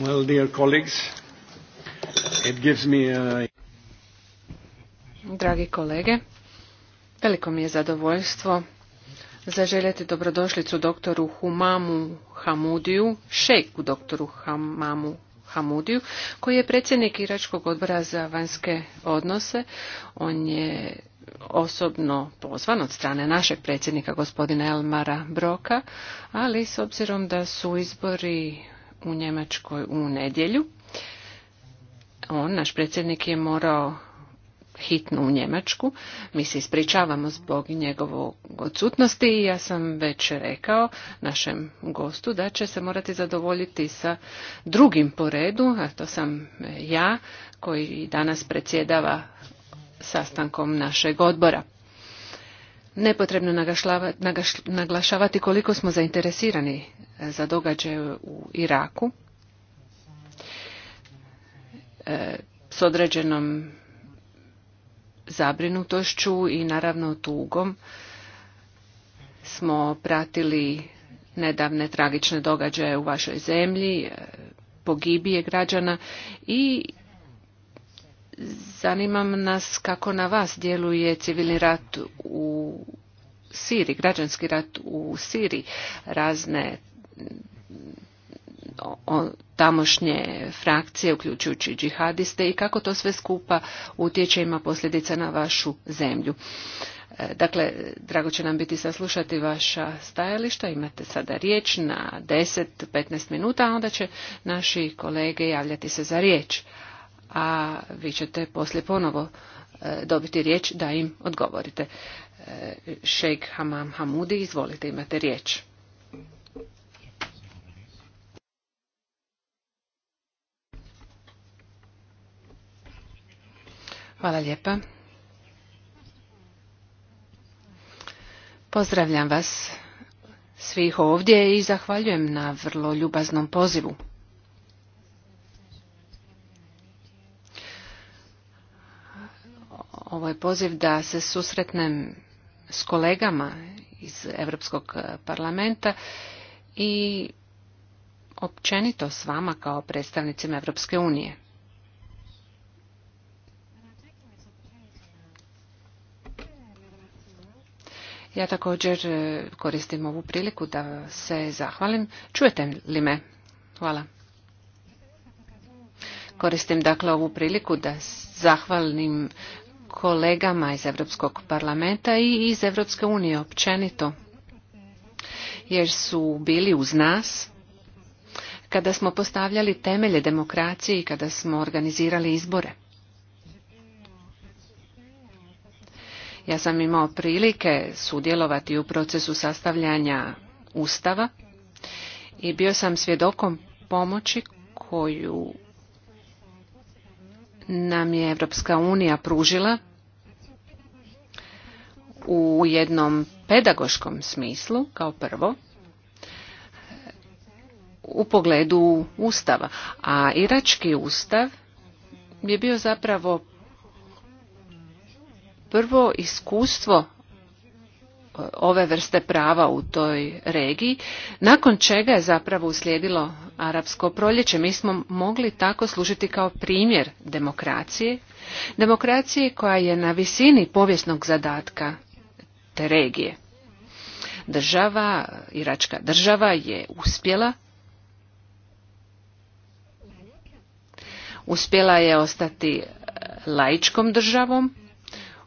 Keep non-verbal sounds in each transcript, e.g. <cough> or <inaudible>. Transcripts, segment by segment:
Well, Dragi kolege, veliko mi je zadovoljstvo zaželjeti dobrodošlicu doktoru Humamu Hamudiju, šejku doktoru Humamu Hamudiju, koji je predsjednik Iračkog odbora za vanjske odnose. On je osobno pozvan od strane našeg predsjednika gospodina Elmara Broka, ali s obzirom da su izbori u Njemačkoj u nedjelju. On, naš predsjednik, je morao hitno u Njemačku. Mi se ispričavamo zbog njegovog odsutnosti i ja sam već rekao našem gostu da će se morati zadovoljiti sa drugim po redu, a to sam ja koji danas predsjedava sastankom našeg odbora. Nepotrebno naglašavati koliko smo zainteresirani za događaje u Iraku e, s određenom zabrinutošću i naravno tugom smo pratili nedavne tragične događaje u vašoj zemlji, e, pogibije građana i zanimam nas kako na vas djeluje civilni rat u Siriji, građanski rat u Siriji, razne tamošnje frakcije, uključujući džihadiste i kako to sve skupa utječe ima posljedica na vašu zemlju. E, dakle, drago će nam biti saslušati vaša stajališta. Imate sada riječ na 10-15 minuta, a onda će naši kolege javljati se za riječ. A vi ćete poslije ponovo e, dobiti riječ da im odgovorite. E, Šejk Hamam Hamudi, izvolite, imate riječ. Hvala lijepa. Pozdravljam vas svih ovdje i zahvaljujem na vrlo ljubaznom pozivu. Ovo je poziv da se susretnem s kolegama iz Europskog parlamenta i općenito s vama kao predstavnicima Europske unije. Ja također e, koristim ovu priliku da se zahvalim. Čujete li me? Hvala. Koristim dakle ovu priliku da zahvalim kolegama iz Europskog parlamenta i iz Europske unije općenito, jer su bili uz nas kada smo postavljali temelje demokracije i kada smo organizirali izbore. Ja sam imao prilike sudjelovati u procesu sastavljanja Ustava i bio sam svjedokom pomoći koju nam je Europska unija pružila u jednom pedagoškom smislu kao prvo u pogledu ustava a irački ustav je bio zapravo prvo iskustvo e, ove vrste prava u toj regiji, nakon čega je zapravo uslijedilo arapsko proljeće. Mi smo mogli tako služiti kao primjer demokracije, demokracije koja je na visini povijesnog zadatka te regije. Država, iračka država je uspjela uspjela je ostati laičkom državom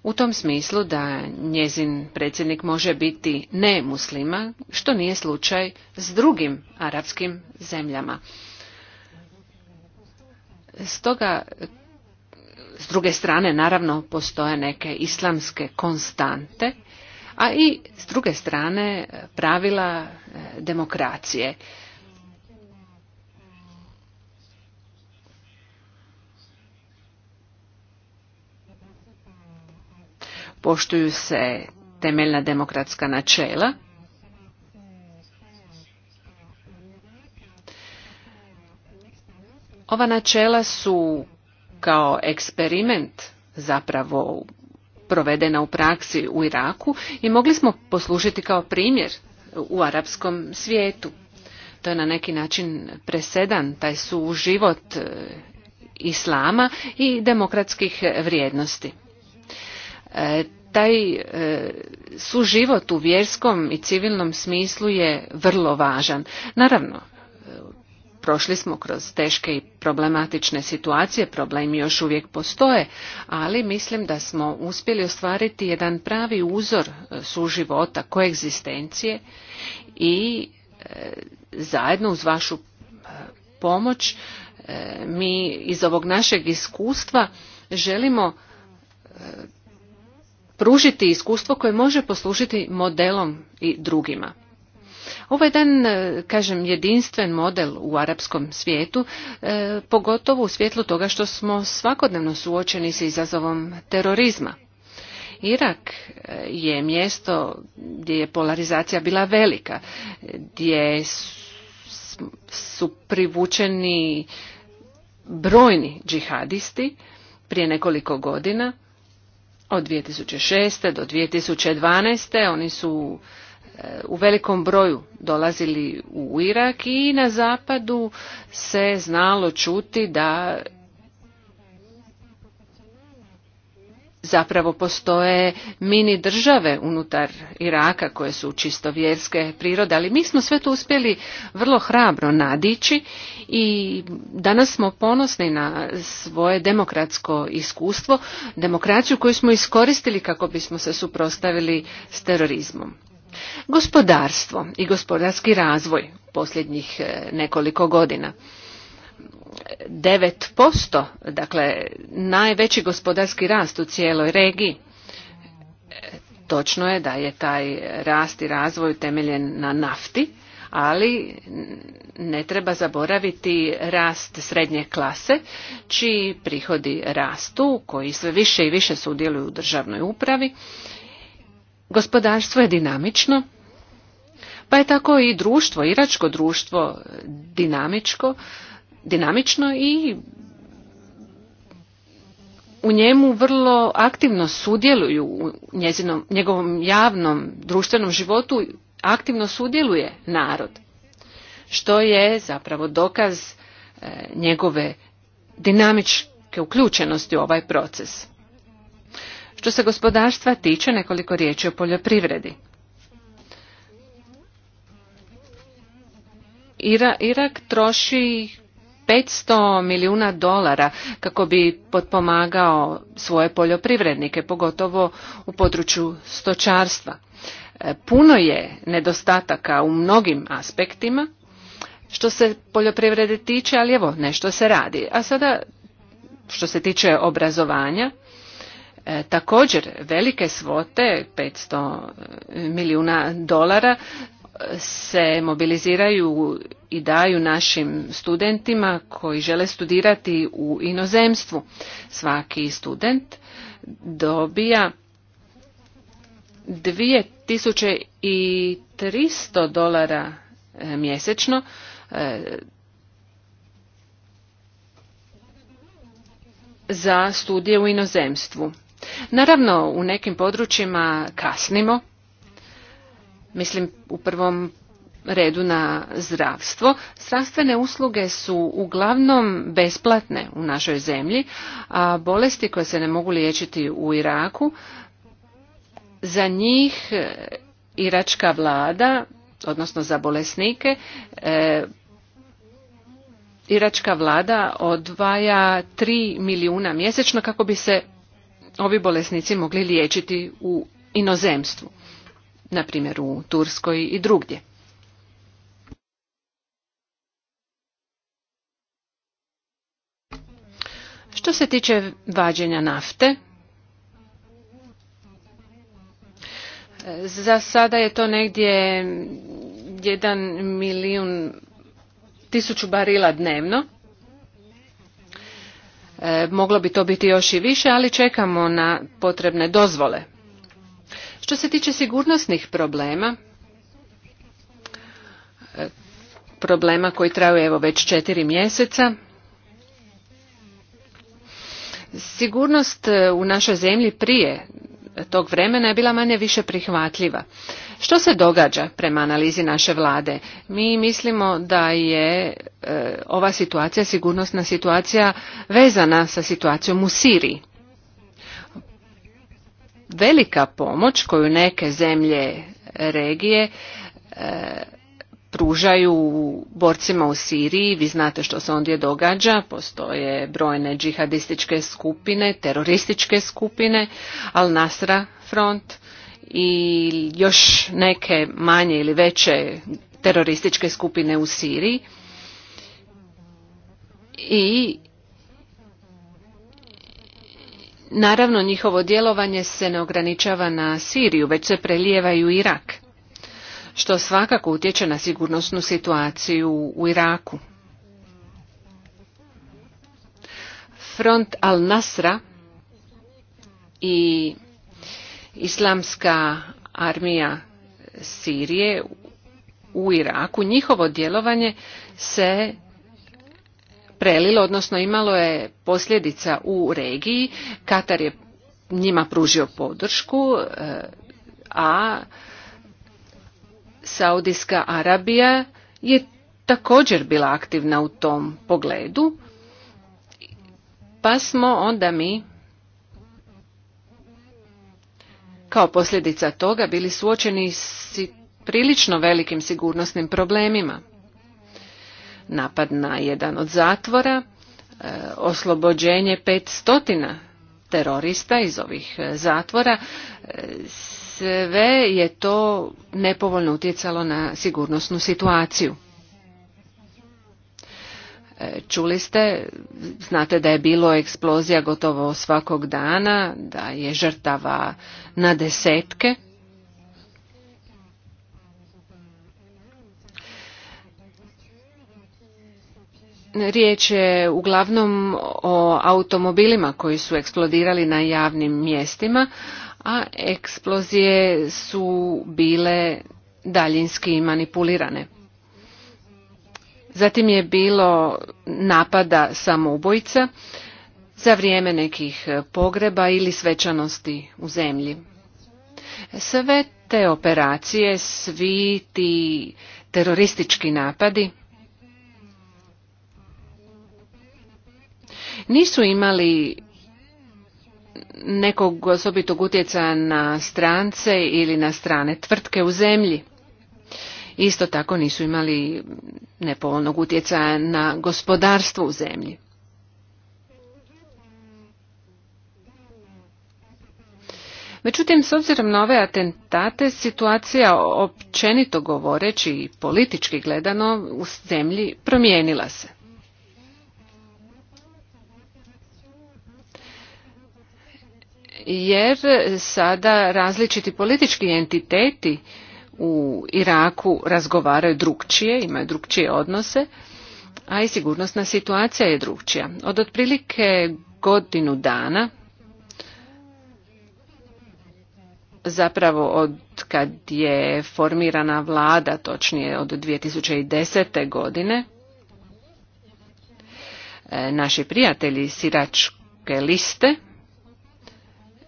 u tom smislu da njezin predsjednik može biti ne muslima, što nije slučaj s drugim arapskim zemljama. Stoga, s druge strane, naravno, postoje neke islamske konstante, a i s druge strane pravila eh, demokracije. poštuju se temeljna demokratska načela. Ova načela su kao eksperiment zapravo provedena u praksi u Iraku i mogli smo poslužiti kao primjer u arapskom svijetu. To je na neki način presedan, taj su život e, islama i demokratskih vrijednosti. E, taj e, suživot u vjerskom i civilnom smislu je vrlo važan. Naravno, e, prošli smo kroz teške i problematične situacije, problemi još uvijek postoje, ali mislim da smo uspjeli ostvariti jedan pravi uzor suživota, koegzistencije i zajedno uz vašu pomoć mi iz ovog našeg iskustva želimo pružiti iskustvo koje može poslužiti modelom i drugima. je ovaj jedan, e, kažem, jedinstven model u arapskom svijetu, e, pogotovo u svjetlu toga što smo svakodnevno suočeni sa izazovom terorizma. Irak e, je mjesto gdje je polarizacija bila velika, gdje su privučeni brojni džihadisti prije nekoliko godina od 2006. do 2012. oni su e, u velikom broju dolazili u Irak i na zapadu se znalo čuti da zapravo postoje mini države unutar Iraka koje su čisto vjerske prirode, ali mi smo sve to uspjeli vrlo hrabro nadići i danas smo ponosni na svoje demokratsko iskustvo, demokraciju koju smo iskoristili kako bismo se suprostavili s terorizmom. Gospodarstvo i gospodarski razvoj posljednjih eh, nekoliko godina. 9%, dakle najveći gospodarski rast u cijeloj regiji. Točno je da je taj rast i razvoj temeljen na nafti, ali ne treba zaboraviti rast srednje klase, čiji prihodi rastu, koji sve više i više sudjeluju u državnoj upravi. Gospodarstvo je dinamično, pa je tako i društvo, iračko društvo dinamičko, dinamično i u njemu vrlo aktivno sudjeluju u njezinom, njegovom javnom društvenom životu, aktivno sudjeluje narod, što je zapravo dokaz e, njegove dinamičke uključenosti u ovaj proces. Što se gospodarstva tiče, nekoliko riječi o poljoprivredi. Ira, Irak troši 500 milijuna dolara kako bi potpomagao svoje poljoprivrednike, pogotovo u području stočarstva. E, puno je nedostataka u mnogim aspektima što se poljoprivrede tiče, ali evo nešto se radi. A sada što se tiče obrazovanja, e, također velike svote 500 milijuna dolara se mobiliziraju i daju našim studentima koji žele studirati u inozemstvu. Svaki student dobija 2300 dolara e, mjesečno. E, za studije u inozemstvu. Naravno, u nekim područjima kasnimo, mislim u prvom redu na zdravstvo. Zdravstvene usluge su uglavnom besplatne u našoj zemlji, a bolesti koje se ne mogu liječiti u Iraku, za njih e, iračka vlada, odnosno za bolesnike, e, iračka vlada odvaja 3 milijuna mjesečno kako bi se ovi bolesnici mogli liječiti u inozemstvu na primjer u Turskoj i drugdje. Što se tiče vađenja nafte, za sada je to negdje jedan milijun tisuću barila dnevno. E, moglo bi to biti još i više, ali čekamo na potrebne dozvole. Što se tiče sigurnosnih problema, e, problema koji traju evo već četiri mjeseca, sigurnost e, u našoj zemlji prije tog vremena je bila manje više prihvatljiva. Što se događa prema analizi naše vlade? Mi mislimo da je e, ova situacija, sigurnosna situacija, vezana sa situacijom u Siriji velika pomoć koju neke zemlje regije e, pružaju borcima u Siriji. Vi znate što se ondje događa. Postoje brojne džihadističke skupine, terorističke skupine, Al-Nasra front i još neke manje ili veće terorističke skupine u Siriji. I Naravno, njihovo djelovanje se ne ograničava na Siriju, već se prelijeva i u Irak, što svakako utječe na sigurnosnu situaciju u Iraku. Front al-Nasra i Islamska armija Sirije u Iraku, njihovo djelovanje se prelilo, odnosno imalo je posljedica u regiji. Katar je njima pružio podršku, e, a Saudijska Arabija je također bila aktivna u tom pogledu, pa smo onda mi kao posljedica toga bili suočeni s prilično velikim sigurnosnim problemima napad na jedan od zatvora, e, oslobođenje 500 terorista iz ovih e, zatvora, e, sve je to nepovoljno utjecalo na sigurnosnu situaciju. Čuli ste, znate da je bilo eksplozija gotovo svakog dana, da je žrtava na desetke. Riječ je uglavnom o automobilima koji su eksplodirali na javnim mjestima, a eksplozije su bile daljinski manipulirane. Zatim je bilo napada samoubojica za vrijeme nekih pogreba ili svečanosti u zemlji. Sve te operacije, svi ti teroristički napadi nisu imali nekog osobitog utjecaja na strance ili na strane tvrtke u zemlji. Isto tako nisu imali nepovoljnog utjecaja na gospodarstvo u zemlji. Međutim, s obzirom na ove atentate, situacija općenito govoreći i politički gledano u zemlji promijenila se. jer sada različiti politički entiteti u Iraku razgovaraju drugčije, imaju drugčije odnose, a i sigurnosna situacija je drugčija. Od otprilike godinu dana, zapravo od kad je formirana vlada, točnije od 2010. godine, e, naši prijatelji siračke liste,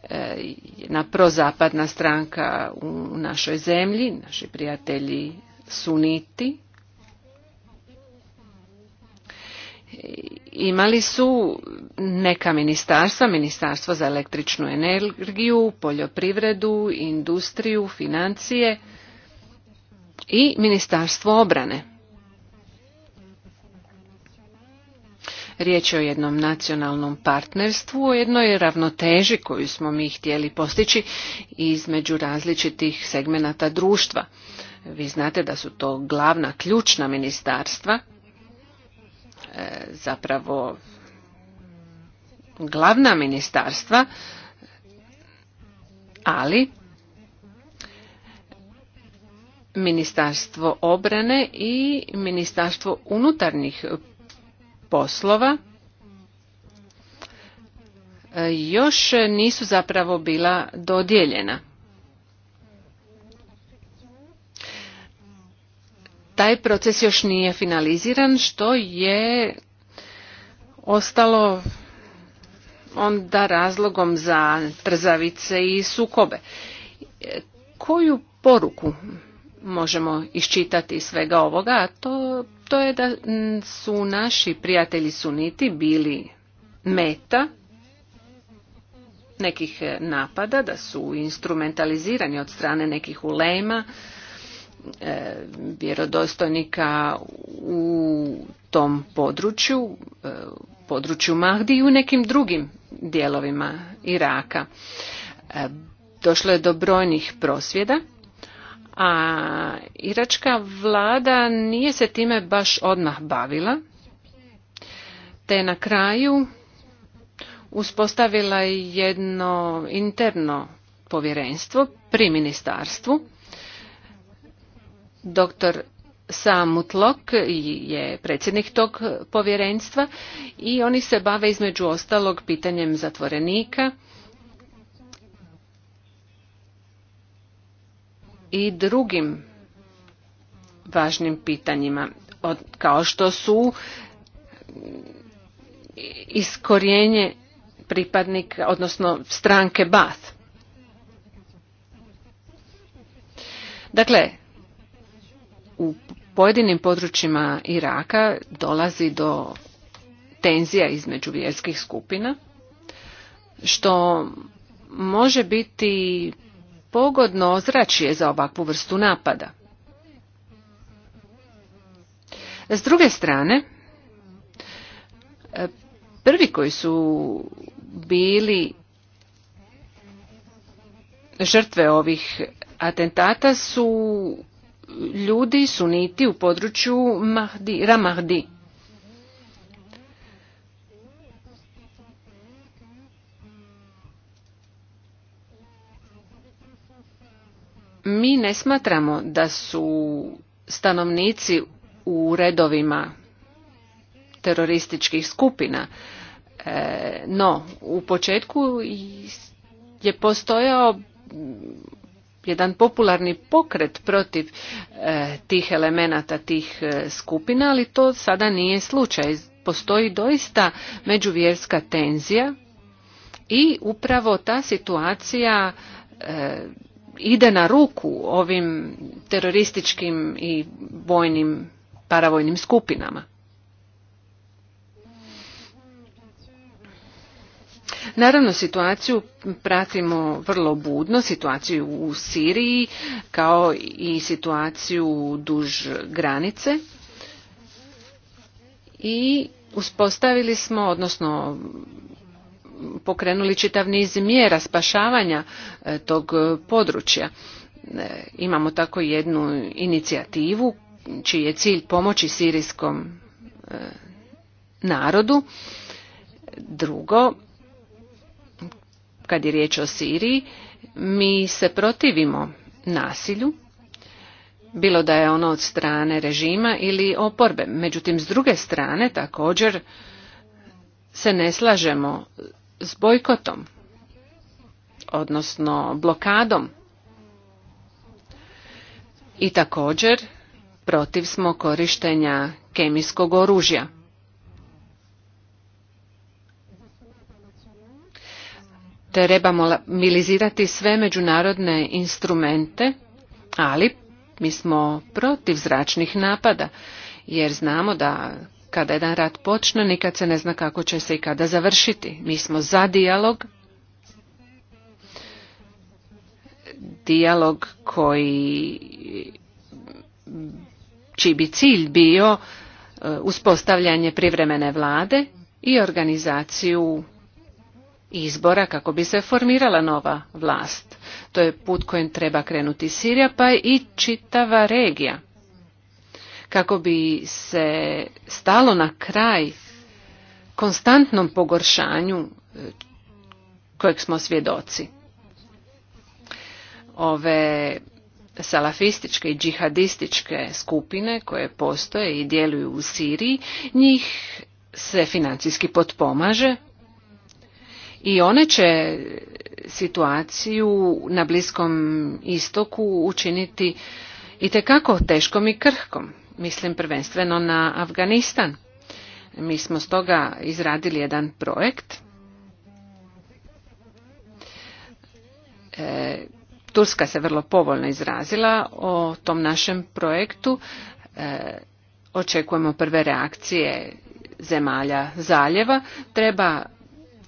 E, jedna prozapadna stranka u našoj zemlji, naši prijatelji suniti. Imali su neka ministarstva, ministarstvo za električnu energiju, poljoprivredu, industriju, financije i ministarstvo obrane. Riječ je o jednom nacionalnom partnerstvu, o jednoj ravnoteži koju smo mi htjeli postići između različitih segmenata društva. Vi znate da su to glavna, ključna ministarstva, e, zapravo glavna ministarstva, ali Ministarstvo obrane i Ministarstvo unutarnjih poslova e, još nisu zapravo bila dodijeljena. Taj proces još nije finaliziran, što je ostalo onda razlogom za trzavice i sukobe. E, koju poruku možemo iščitati svega ovoga, a to, to je da mm, su naši prijatelji suniti bili meta nekih e, napada, da su instrumentalizirani od strane nekih ulema, e, vjerodostojnika u tom području, e, području Mahdi i u nekim drugim dijelovima Iraka. došlo je do brojnih prosvjeda a iračka vlada nije se time baš odmah bavila, te na kraju uspostavila jedno interno povjerenstvo pri ministarstvu. dr. Samutlok je predsjednik tog povjerenstva i oni se bave između ostalog pitanjem zatvorenika i drugim važnim pitanjima, kao što su iskorjenje pripadnika, odnosno stranke Bath. Dakle, u pojedinim područjima Iraka dolazi do tenzija između vjerskih skupina, što može biti pogodno ozračje za ovakvu vrstu napada. S druge strane, prvi koji su bili žrtve ovih atentata su ljudi suniti u području Mahdi, Ramahdi. Mi ne smatramo da su stanovnici u redovima terorističkih skupina. E, no, u početku je postojao jedan popularni pokret protiv e, tih elemenata, tih e, skupina, ali to sada nije slučaj. Postoji doista međuvjerska tenzija i upravo ta situacija ide na ruku ovim terorističkim i vojnim paravojnim skupinama. Naravno, situaciju pratimo vrlo budno, situaciju u Siriji kao i situaciju duž granice i uspostavili smo, odnosno pokrenuli čitav niz mjera spašavanja e, tog e, područja. E, imamo tako jednu inicijativu čiji je cilj pomoći sirijskom narodu. Drugo, kad je riječ o Siriji, mi se protivimo nasilju, bilo da je ono od strane režima ili oporbe. Međutim, s druge strane također se ne slažemo s bojkotom, odnosno blokadom. I također protiv smo korištenja kemijskog oružja. Trebamo milizirati sve međunarodne instrumente, ali mi smo protiv zračnih napada, jer znamo da kada jedan rat počne, nikad se ne zna kako će se i kada završiti. Mi smo za dijalog, dijalog koji čiji bi cilj bio e, uspostavljanje privremene vlade i organizaciju izbora kako bi se formirala nova vlast. To je put kojim treba krenuti Sirija pa i čitava regija kako bi se stalo na kraj konstantnom pogoršanju e, kojeg smo svjedoci. Ove salafističke i džihadističke skupine koje postoje i djeluju u Siriji, njih se financijski potpomaže i one će situaciju na Bliskom istoku učiniti i tekako teškom i krhkom mislim prvenstveno na Afganistan. Mi smo stoga izradili jedan projekt. E, Turska se vrlo povoljno izrazila o tom našem projektu. E, očekujemo prve reakcije zemalja zaljeva. Treba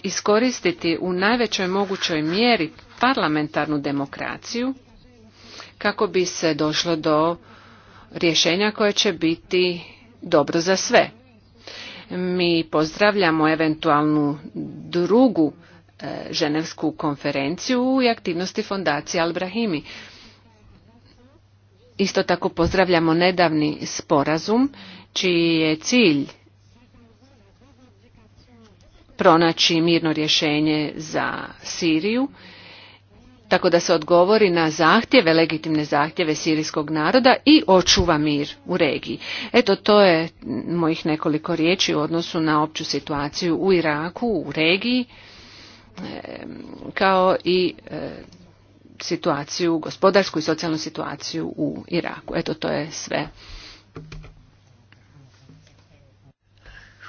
iskoristiti u najvećoj mogućoj mjeri parlamentarnu demokraciju kako bi se došlo do rješenja koje će biti dobro za sve. Mi pozdravljamo eventualnu drugu e, ženevsku konferenciju i aktivnosti fondacije Albrahimi. Isto tako pozdravljamo nedavni sporazum čiji je cilj pronaći mirno rješenje za Siriju tako da se odgovori na zahtjeve, legitimne zahtjeve sirijskog naroda i očuva mir u regiji. Eto, to je mojih nekoliko riječi u odnosu na opću situaciju u Iraku, u regiji, kao i e, situaciju, gospodarsku i socijalnu situaciju u Iraku. Eto, to je sve.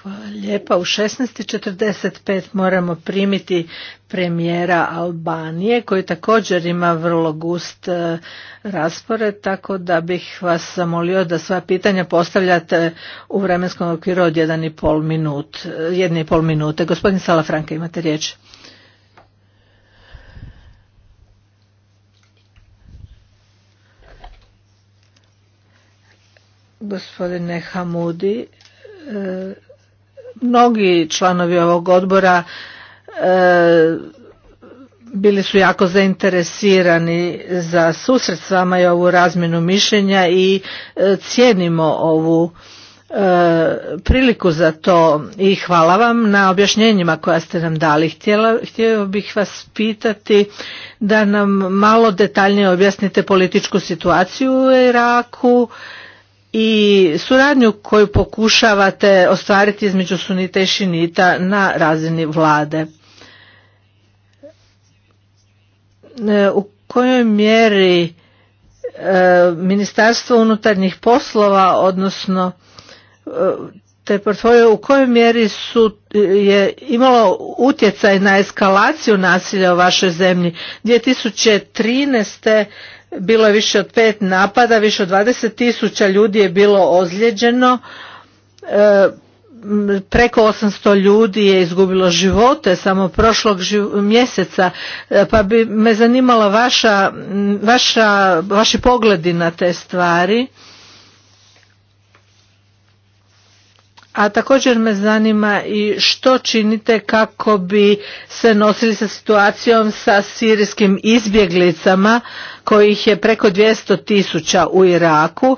Hvala lijepa. U 16.45 moramo primiti premijera Albanije koji također ima vrlo gust e, raspored, tako da bih vas zamolio da sva pitanja postavljate u vremenskom okviru od 1,5 minut, e, pol minute. Gospodin Salafranka, imate riječ. Gospodine Hamudi, e, mnogi članovi ovog odbora e, bili su jako zainteresirani za susret s vama i ovu razmjenu mišljenja i e, cijenimo ovu e, priliku za to i hvala vam na objašnjenjima koja ste nam dali. Htjela, htio bih vas pitati da nam malo detaljnije objasnite političku situaciju u Iraku i suradnju koju pokušavate ostvariti između sunita i šinita na razini vlade. E, u kojoj mjeri e, Ministarstvo unutarnjih poslova, odnosno e, te portfolio u kojoj mjeri su, je imalo utjecaj na eskalaciju nasilja u vašoj zemlji. 2013 bilo je više od pet napada, više od 20 tisuća ljudi je bilo ozlijeđeno, e, preko 800 ljudi je izgubilo živote samo prošlog mjeseca, e, pa bi me zanimala vaša, vaša, vaši pogledi na te stvari. a također me zanima i što činite kako bi se nosili sa situacijom sa sirijskim izbjeglicama kojih je preko 200 tisuća u Iraku.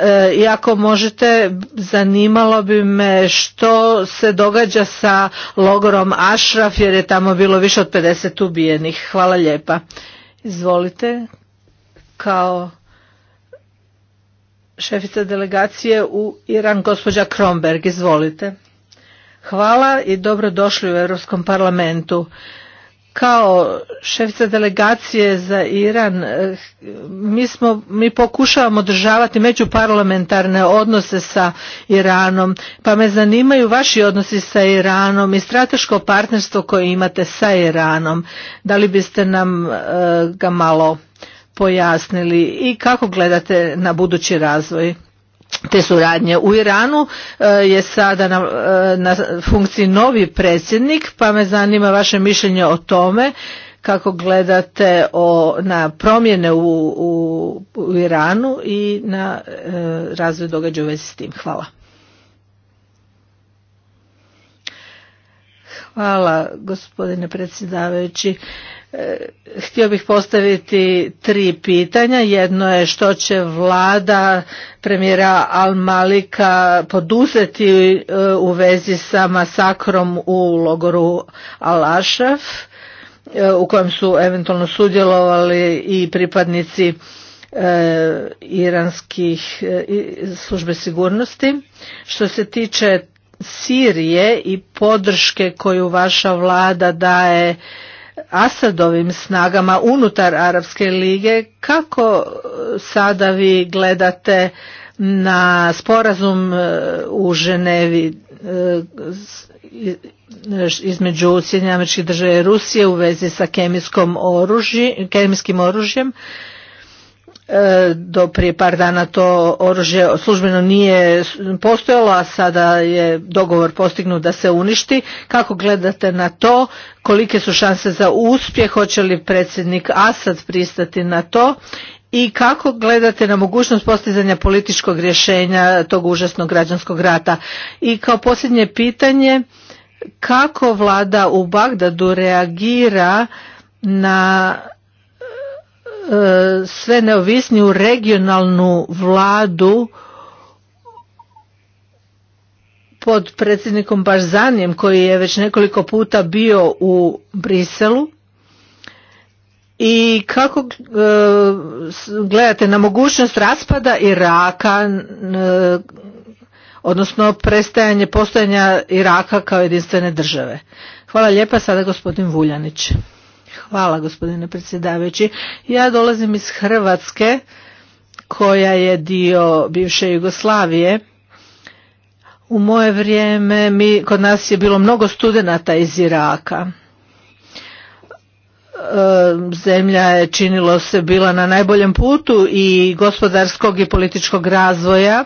E, I ako možete, zanimalo bi me što se događa sa logorom Ashraf, jer je tamo bilo više od 50 ubijenih. Hvala lijepa. Izvolite, kao šefica delegacije u Iran, gospođa Kromberg. Izvolite. Hvala i dobrodošli u Europskom parlamentu. Kao šefica delegacije za Iran, eh, mi, smo, mi pokušavamo održavati međuparlamentarne odnose sa Iranom, pa me zanimaju vaši odnosi sa Iranom i strateško partnerstvo koje imate sa Iranom. Da li biste nam eh, ga malo pojasnili i kako gledate na budući razvoj te suradnje. U Iranu e, je sada na, e, na funkciji novi predsjednik, pa me zanima vaše mišljenje o tome kako gledate na promjene u, Iranu i na e, razvoj događaja u vezi s tim. Hvala. Hvala gospodine predsjedavajući. E, htio bih postaviti tri pitanja. Jedno je što će vlada premijera Al-Malika poduzeti e, u vezi sa masakrom u logoru al ashraf e, u kojem su eventualno sudjelovali i pripadnici iranskih službe sigurnosti. Što se tiče Sirije i podrške koju vaša vlada daje Asadovim snagama unutar Arabske lige, kako e, sada vi gledate na sporazum e, u Ženevi e, između Sjedinjamečkih države i Rusije u vezi sa kemijskim oružjem E, do prije par dana to oružje službeno nije postojalo, a sada je dogovor postignut da se uništi. Kako gledate na to? Kolike su šanse za uspjeh? Hoće li predsjednik Asad pristati na to? I kako gledate na mogućnost postizanja političkog rješenja tog užasnog građanskog rata? I kao posljednje pitanje, kako vlada u Bagdadu reagira na sve neovisniju regionalnu vladu pod predsjednikom Barzanijem koji je već nekoliko puta bio u Briselu i kako e, gledate na mogućnost raspada Iraka e, odnosno prestajanje postojanja Iraka kao jedinstvene države. Hvala lijepa sada gospodin Vuljanić. Hvala gospodine predsjedavajući. Ja dolazim iz Hrvatske koja je dio bivše Jugoslavije. U moje vrijeme mi, kod nas je bilo mnogo studenata iz Iraka. E, zemlja je činilo se bila na najboljem putu i gospodarskog i političkog razvoja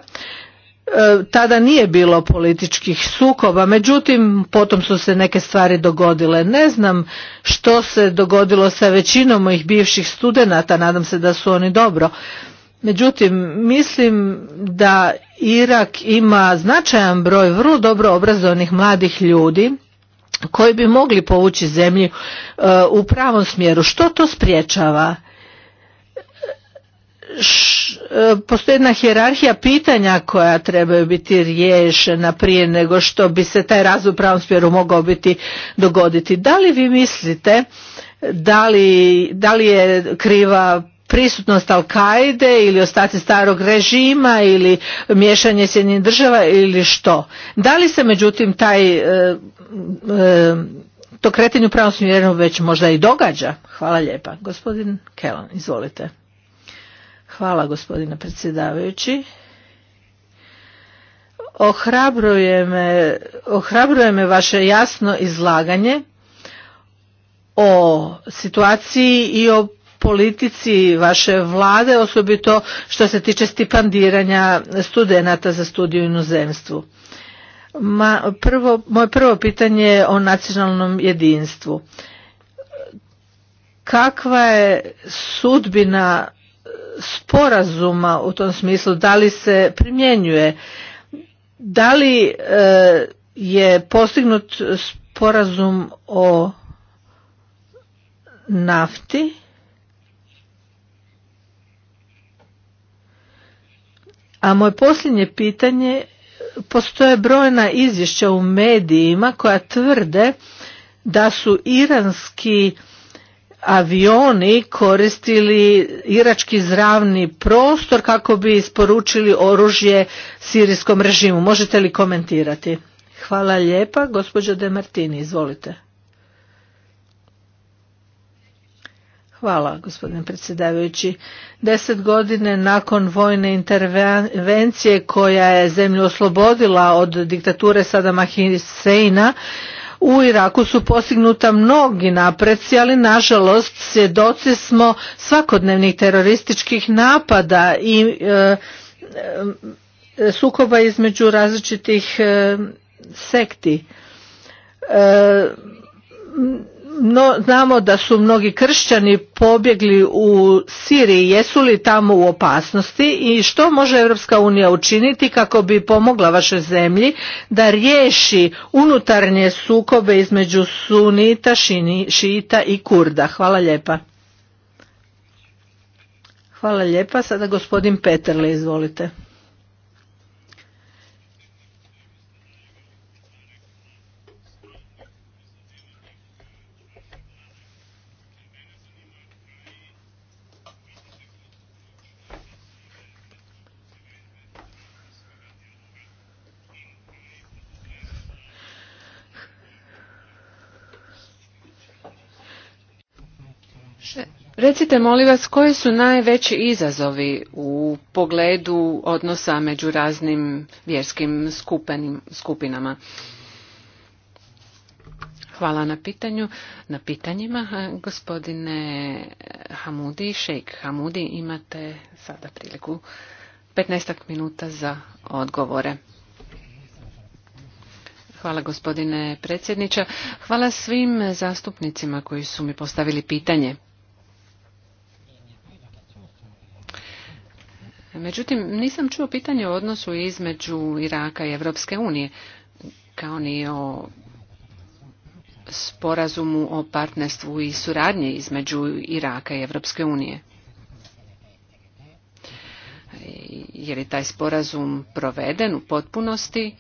E, tada nije bilo političkih sukoba, međutim potom su se neke stvari dogodile. Ne znam što se dogodilo sa većinom mojih bivših studenata, nadam se da su oni dobro. Međutim, mislim da Irak ima značajan broj vrlo dobro obrazovanih mladih ljudi koji bi mogli povući zemlju e, u pravom smjeru. Što to spriječava? E, postoji jedna hjerarhija pitanja koja trebaju biti riješena prije nego što bi se taj razvoj u pravom smjeru mogao biti dogoditi. Da li vi mislite da li, da li je kriva prisutnost Al-Kaide ili ostaci starog režima ili miješanje sjednjih država ili što. Da li se međutim taj e, e, to kretanje u pravom smjeru već možda i događa? Hvala lijepa. Gospodin Kelan, izvolite. Hvala gospodine predsjedavajući. Ohrabruje me, ohrabruje me vaše jasno izlaganje o situaciji i o politici vaše vlade, osobito što se tiče stipendiranja studenata za studiju u inozemstvu. Ma, prvo, moje prvo pitanje je o nacionalnom jedinstvu. Kakva je sudbina sporazuma u tom smislu, da li se primjenjuje, da li e, je postignut sporazum o nafti, A moje posljednje pitanje, postoje brojna izvješća u medijima koja tvrde da su iranski avioni koristili irački zravni prostor kako bi isporučili oružje sirijskom režimu. Možete li komentirati? Hvala lijepa. Gospođo De Martini, izvolite. Hvala, gospodine predsjedavajući. Deset godine nakon vojne intervencije koja je zemlju oslobodila od diktature Sadama Hiseina, u Iraku su postignuta mnogi napreci, ali nažalost svjedoci smo svakodnevnih terorističkih napada i e, e sukoba između različitih e, sekti. E, no, znamo da su mnogi kršćani pobjegli u Siriji, jesu li tamo u opasnosti i što može Europska unija učiniti kako bi pomogla vašoj zemlji da riješi unutarnje sukobe između sunita, šita i kurda? Hvala lijepa. Hvala lijepa, sada gospodin Peterle, izvolite. Recite molim vas koji su najveći izazovi u pogledu odnosa među raznim vjerskim skupenim, skupinama. Hvala na pitanju, na pitanjima. Gospodine Hamudi, Šejk Hamudi, imate sada priliku 15 minuta za odgovore. Hvala gospodine predsjedniče. Hvala svim zastupnicima koji su mi postavili pitanje. Međutim, nisam čuo pitanje o odnosu između Iraka i Evropske unije, kao ni o sporazumu o partnerstvu i suradnji između Iraka i Evropske unije. Jer je taj sporazum proveden u potpunosti,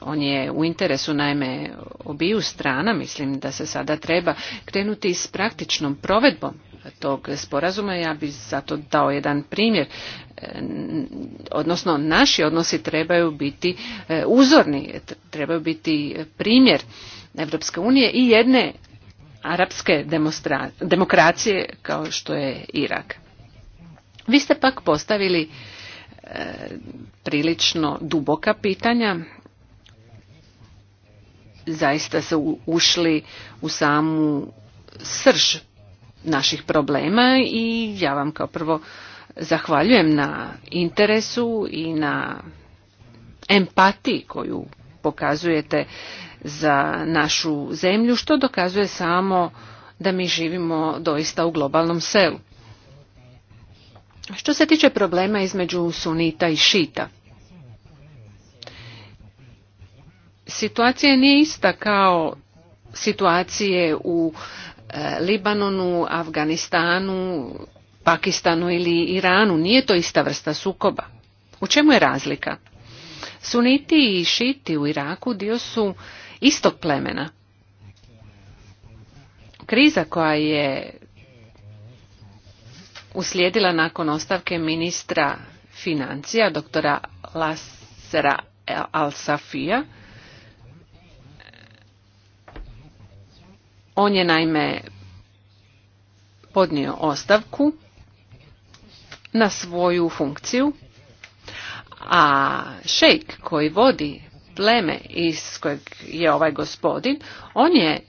on je u interesu naime obiju strana, mislim da se sada treba krenuti s praktičnom provedbom tog sporazuma. Ja bih zato dao jedan primjer. E, odnosno, naši odnosi trebaju biti e, uzorni, trebaju biti primjer Evropske unije i jedne arapske demokracije kao što je Irak. Vi ste pak postavili e, prilično duboka pitanja. Zaista se ušli u samu srž naših problema i ja vam kao prvo zahvaljujem na interesu i na empatiji koju pokazujete za našu zemlju, što dokazuje samo da mi živimo doista u globalnom selu. Što se tiče problema između sunita i šita, situacija nije ista kao situacije u E, Libanonu, Afganistanu, Pakistanu ili Iranu. Nije to ista vrsta sukoba. U čemu je razlika? Suniti i šiti u Iraku dio su istog plemena. Kriza koja je uslijedila nakon ostavke ministra financija, doktora Lasera Al-Safija, On je naime podnio ostavku na svoju funkciju, a šejk koji vodi pleme iz kojeg je ovaj gospodin, on je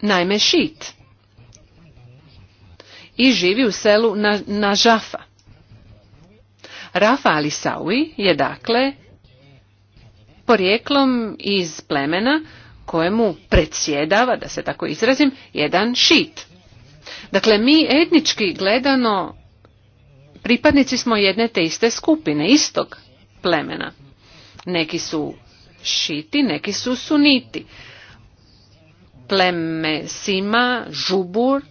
naime šit i živi u selu na Žafa. Rafa Sawi je dakle porijeklom iz plemena kojemu predsjedava, da se tako izrazim, jedan šit. Dakle, mi etnički gledano pripadnici smo jedne te iste skupine, istog plemena. Neki su šiti, neki su suniti. Pleme Sima, Žubur,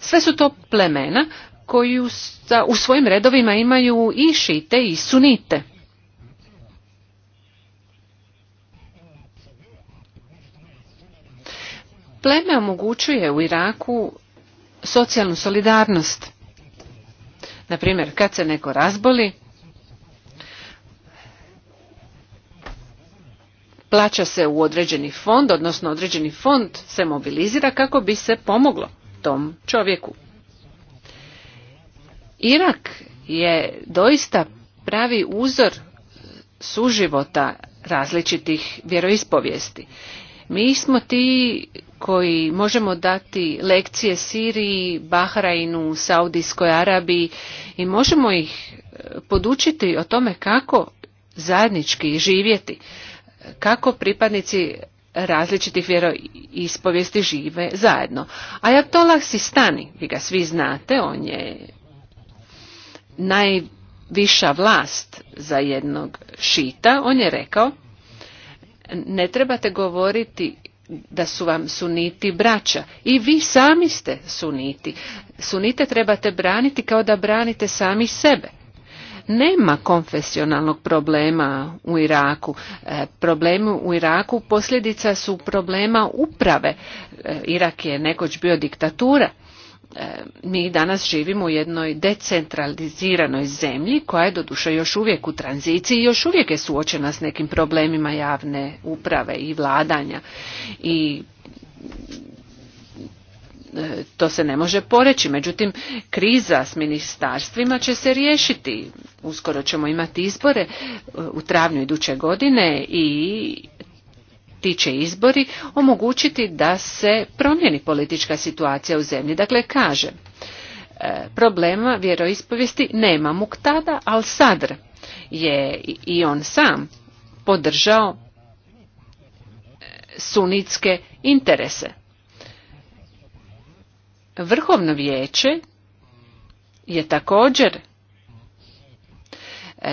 sve su to plemena koji u svojim redovima imaju i šite i sunite. Pleme omogućuje u Iraku socijalnu solidarnost. Na kad se neko razboli, plaća se u određeni fond, odnosno određeni fond se mobilizira kako bi se pomoglo tom čovjeku. Irak je doista pravi uzor suživota različitih vjeroispovijesti. Mi smo ti koji možemo dati lekcije Siriji, Bahrainu, Saudijskoj Arabiji i možemo ih e, podučiti o tome kako zajednički živjeti, kako pripadnici različitih vjeroispovijesti žive zajedno. A Ajatollah Sistani, vi ga svi znate, on je najviša vlast za jednog šita, on je rekao ne trebate govoriti da su vam suniti braća. I vi sami ste suniti. Sunite trebate braniti kao da branite sami sebe. Nema konfesionalnog problema u Iraku. E, u Iraku posljedica su problema uprave. E, Irak je nekoć bio diktatura. E, mi danas živimo u jednoj decentraliziranoj zemlji koja je doduše još uvijek u tranziciji i još uvijek je suočena s nekim problemima javne uprave i vladanja i e, to se ne može poreći. Međutim, kriza s ministarstvima će se riješiti. Uskoro ćemo imati izbore e, u travnju iduće godine i tiče izbori omogućiti da se promijeni politička situacija u zemlji. Dakle, kaže, e, problema vjeroispovijesti nema Muktada, al Sadr je i on sam podržao e, sunitske interese. Vrhovno vijeće je također e,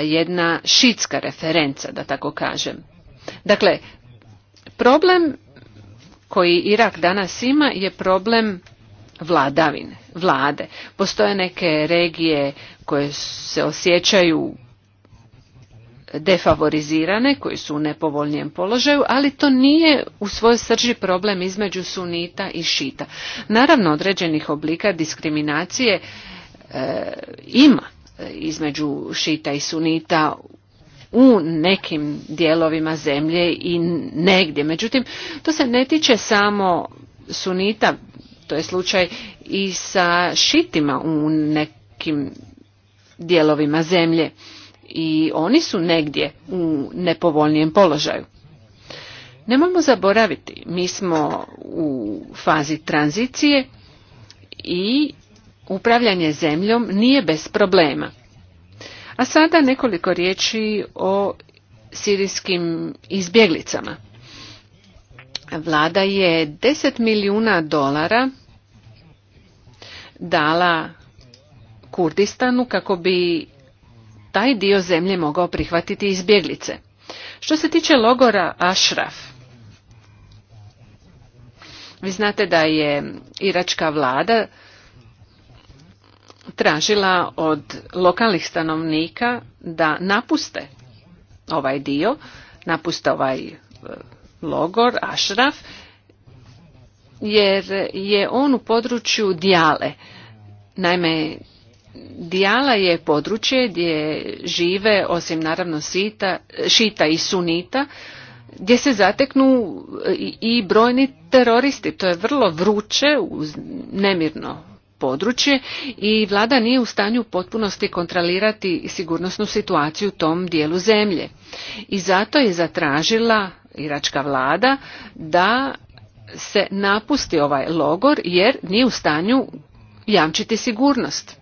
jedna šitska referenca, da tako kažem. Dakle, Problem koji Irak danas ima je problem vladavine, vlade. Postoje neke regije koje se osjećaju defavorizirane, koji su u nepovoljnijem položaju, ali to nije u svojoj srži problem između sunita i šita. Naravno, određenih oblika diskriminacije e, ima e, između šita i sunita u nekim dijelovima zemlje i negdje. Međutim, to se ne tiče samo sunita, to je slučaj i sa šitima u nekim dijelovima zemlje i oni su negdje u nepovoljnijem položaju. Nemojmo zaboraviti, mi smo u fazi tranzicije i upravljanje zemljom nije bez problema. A sada nekoliko riječi o sirijskim izbjeglicama. Vlada je 10 milijuna dolara dala Kurdistanu kako bi taj dio zemlje mogao prihvatiti izbjeglice. Što se tiče logora Ashraf, vi znate da je iračka vlada tražila od lokalnih stanovnika da napuste ovaj dio, napuste ovaj e, logor, Ašraf, jer je on u području Dijale. Naime, Dijala je područje gdje žive, osim naravno sita, šita i sunita, gdje se zateknu e, i brojni teroristi. To je vrlo vruće, nemirno područje i vlada nije u stanju potpunosti kontrolirati sigurnosnu situaciju u tom dijelu zemlje. I zato je zatražila iračka vlada da se napusti ovaj logor jer nije u stanju jamčiti sigurnost.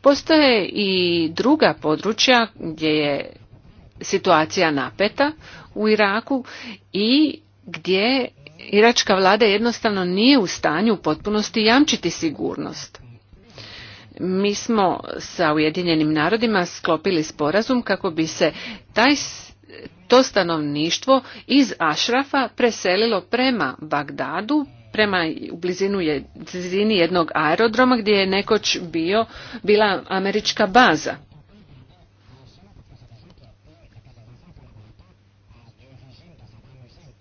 Postoje i druga područja gdje je situacija napeta u Iraku i gdje iračka vlada jednostavno nije u stanju u potpunosti jamčiti sigurnost. Mi smo sa Ujedinjenim narodima sklopili sporazum kako bi se taj to stanovništvo iz Ašrafa preselilo prema Bagdadu, prema u blizinu, blizini jednog aerodroma gdje je nekoć bio, bila američka baza.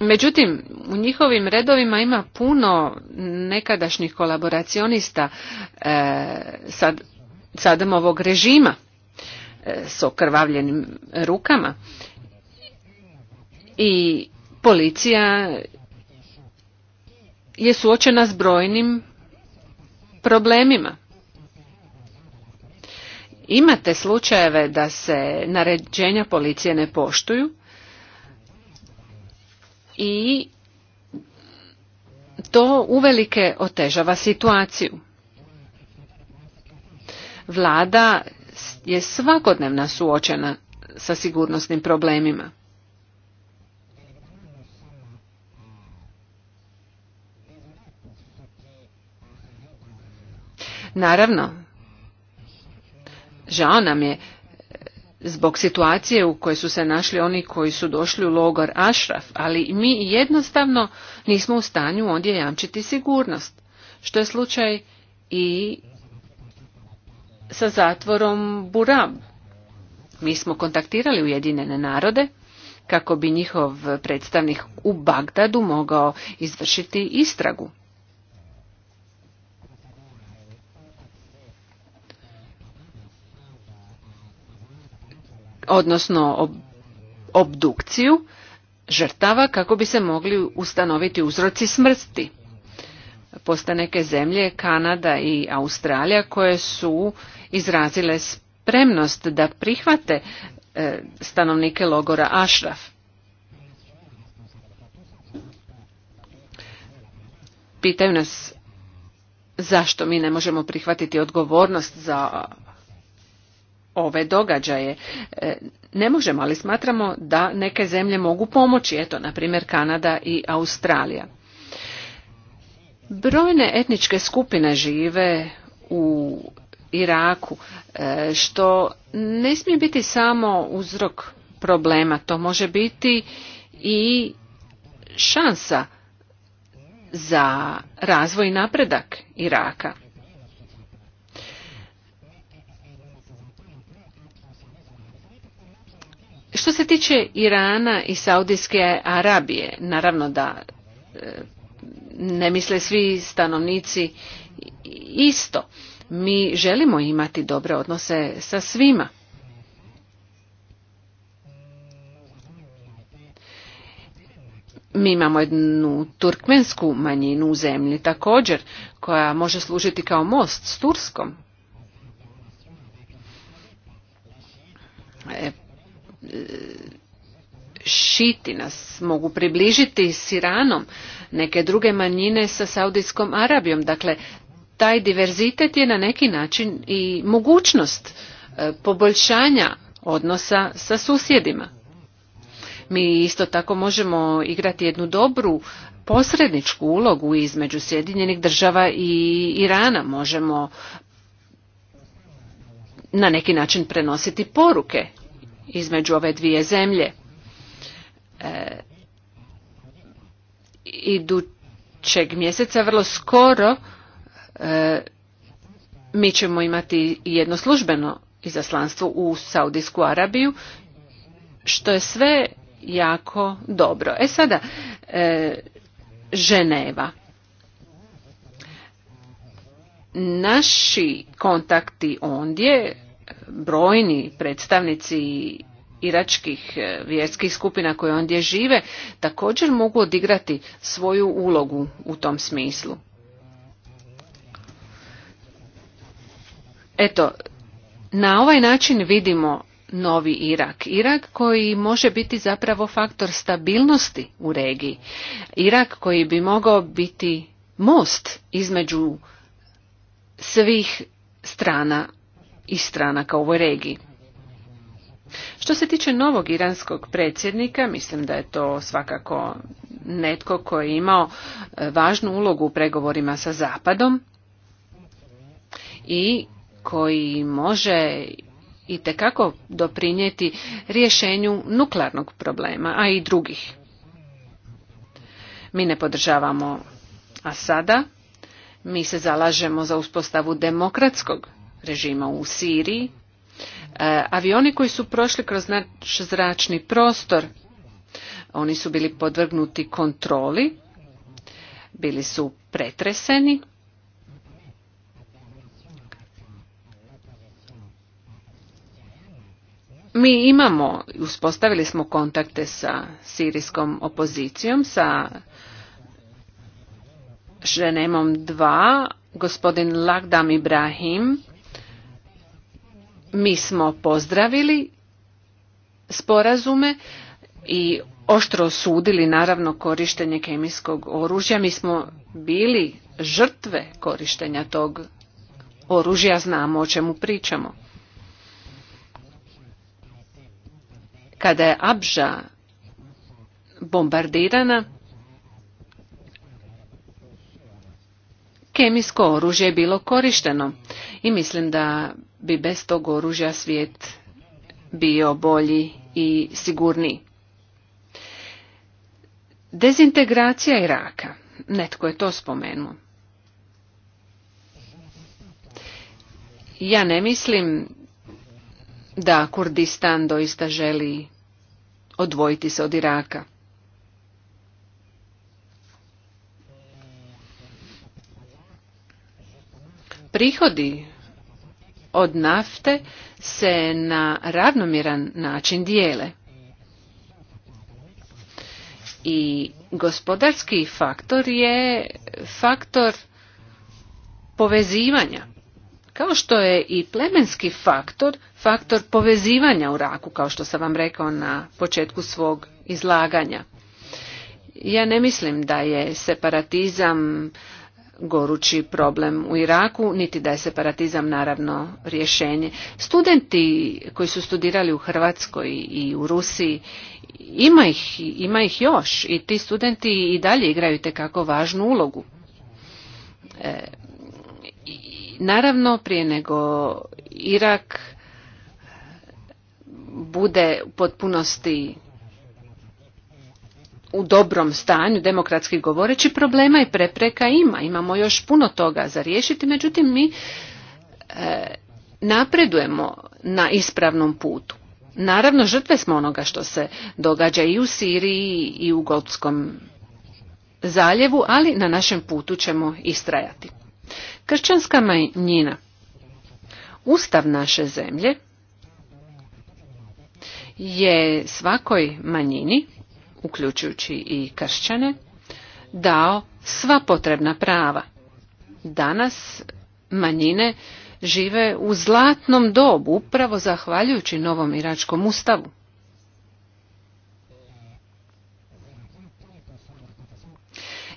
Međutim, u njihovim redovima ima puno nekadašnjih kolaboracionista e, ovog režima e, s okrvavljenim rukama i policija je suočena s brojnim problemima. Imate slučajeve da se naređenja policije ne poštuju, i to uvelike otežava situaciju. Vlada je svakodnevna suočena sa sigurnosnim problemima. Naravno, žao nam je zbog situacije u kojoj su se našli oni koji su došli u logor Ašraf, ali mi jednostavno nismo u stanju ondje jamčiti sigurnost, što je slučaj i sa zatvorom Buram. Mi smo kontaktirali ujedinene narode kako bi njihov predstavnik u Bagdadu mogao izvršiti istragu. odnosno obdukciju žrtava kako bi se mogli ustanoviti uzroci smrti. Postoje neke zemlje, Kanada i Australija, koje su izrazile spremnost da prihvate e, stanovnike logora Ashraf. Pitaju nas zašto mi ne možemo prihvatiti odgovornost za ove događaje. E, ne možemo, ali smatramo da neke zemlje mogu pomoći, eto, na primjer Kanada i Australija. Brojne etničke skupine žive u Iraku, e, što ne smije biti samo uzrok problema, to može biti i šansa za razvoj i napredak Iraka. Što se tiče Irana i Saudijske Arabije, naravno da e, ne misle svi stanovnici isto. Mi želimo imati dobre odnose sa svima. Mi imamo jednu turkmensku manjinu u zemlji također, koja može služiti kao most s Turskom. E, šiti nas mogu približiti s Iranom, neke druge manjine sa Saudijskom Arabijom. Dakle, taj diverzitet je na neki način i mogućnost e, poboljšanja odnosa sa susjedima. Mi isto tako možemo igrati jednu dobru posredničku ulogu između Sjedinjenih država i Irana. Možemo na neki način prenositi poruke između ove dvije zemlje. E, idućeg mjeseca vrlo skoro e, mi ćemo imati jedno službeno izaslanstvo u Saudijsku Arabiju što je sve jako dobro. E sada, e, Ženeva. Naši kontakti ondje brojni predstavnici iračkih e, vjerskih skupina koje ondje žive također mogu odigrati svoju ulogu u tom smislu. Eto, na ovaj način vidimo novi Irak. Irak koji može biti zapravo faktor stabilnosti u regiji. Irak koji bi mogao biti most između svih strana i stranaka u ovoj regiji. Što se tiče novog iranskog predsjednika, mislim da je to svakako netko koji je imao e, važnu ulogu u pregovorima sa Zapadom i koji može i tekako doprinijeti rješenju nuklearnog problema, a i drugih. Mi ne podržavamo Asada, mi se zalažemo za uspostavu demokratskog režima u Siriji. E, avioni koji su prošli kroz naš zračni prostor, oni su bili podvrgnuti kontroli, bili su pretreseni. Mi imamo, uspostavili smo kontakte sa sirijskom opozicijom, sa Ženemom 2, gospodin Lagdam Ibrahim mi smo pozdravili sporazume i oštro osudili naravno korištenje kemijskog oružja. Mi smo bili žrtve korištenja tog oružja, znamo o čemu pričamo. Kada je Abža bombardirana, kemijsko oružje je bilo korišteno i mislim da bi bez tog oružja svijet bio bolji i sigurniji. Dezintegracija Iraka. Netko je to spomenuo. Ja ne mislim da Kurdistan doista želi odvojiti se od Iraka. Prihodi od nafte se na ravnomjeran način dijele. I gospodarski faktor je faktor povezivanja. Kao što je i plemenski faktor, faktor povezivanja u raku, kao što sam vam rekao na početku svog izlaganja. Ja ne mislim da je separatizam gorući problem u Iraku, niti da je separatizam naravno rješenje. Studenti koji su studirali u Hrvatskoj i u Rusiji, ima ih, ima ih još i ti studenti i dalje igraju tekako važnu ulogu. E, naravno, prije nego Irak bude u potpunosti u dobrom stanju, demokratski govoreći, problema i prepreka ima. Imamo još puno toga za riješiti, međutim mi e, napredujemo na ispravnom putu. Naravno, žrtve smo onoga što se događa i u Siriji i u Gotskom zaljevu, ali na našem putu ćemo istrajati. Kršćanska manjina. Ustav naše zemlje je svakoj manjini uključujući i kršćane, dao sva potrebna prava. Danas manjine žive u zlatnom dobu upravo zahvaljujući novom iračkom ustavu.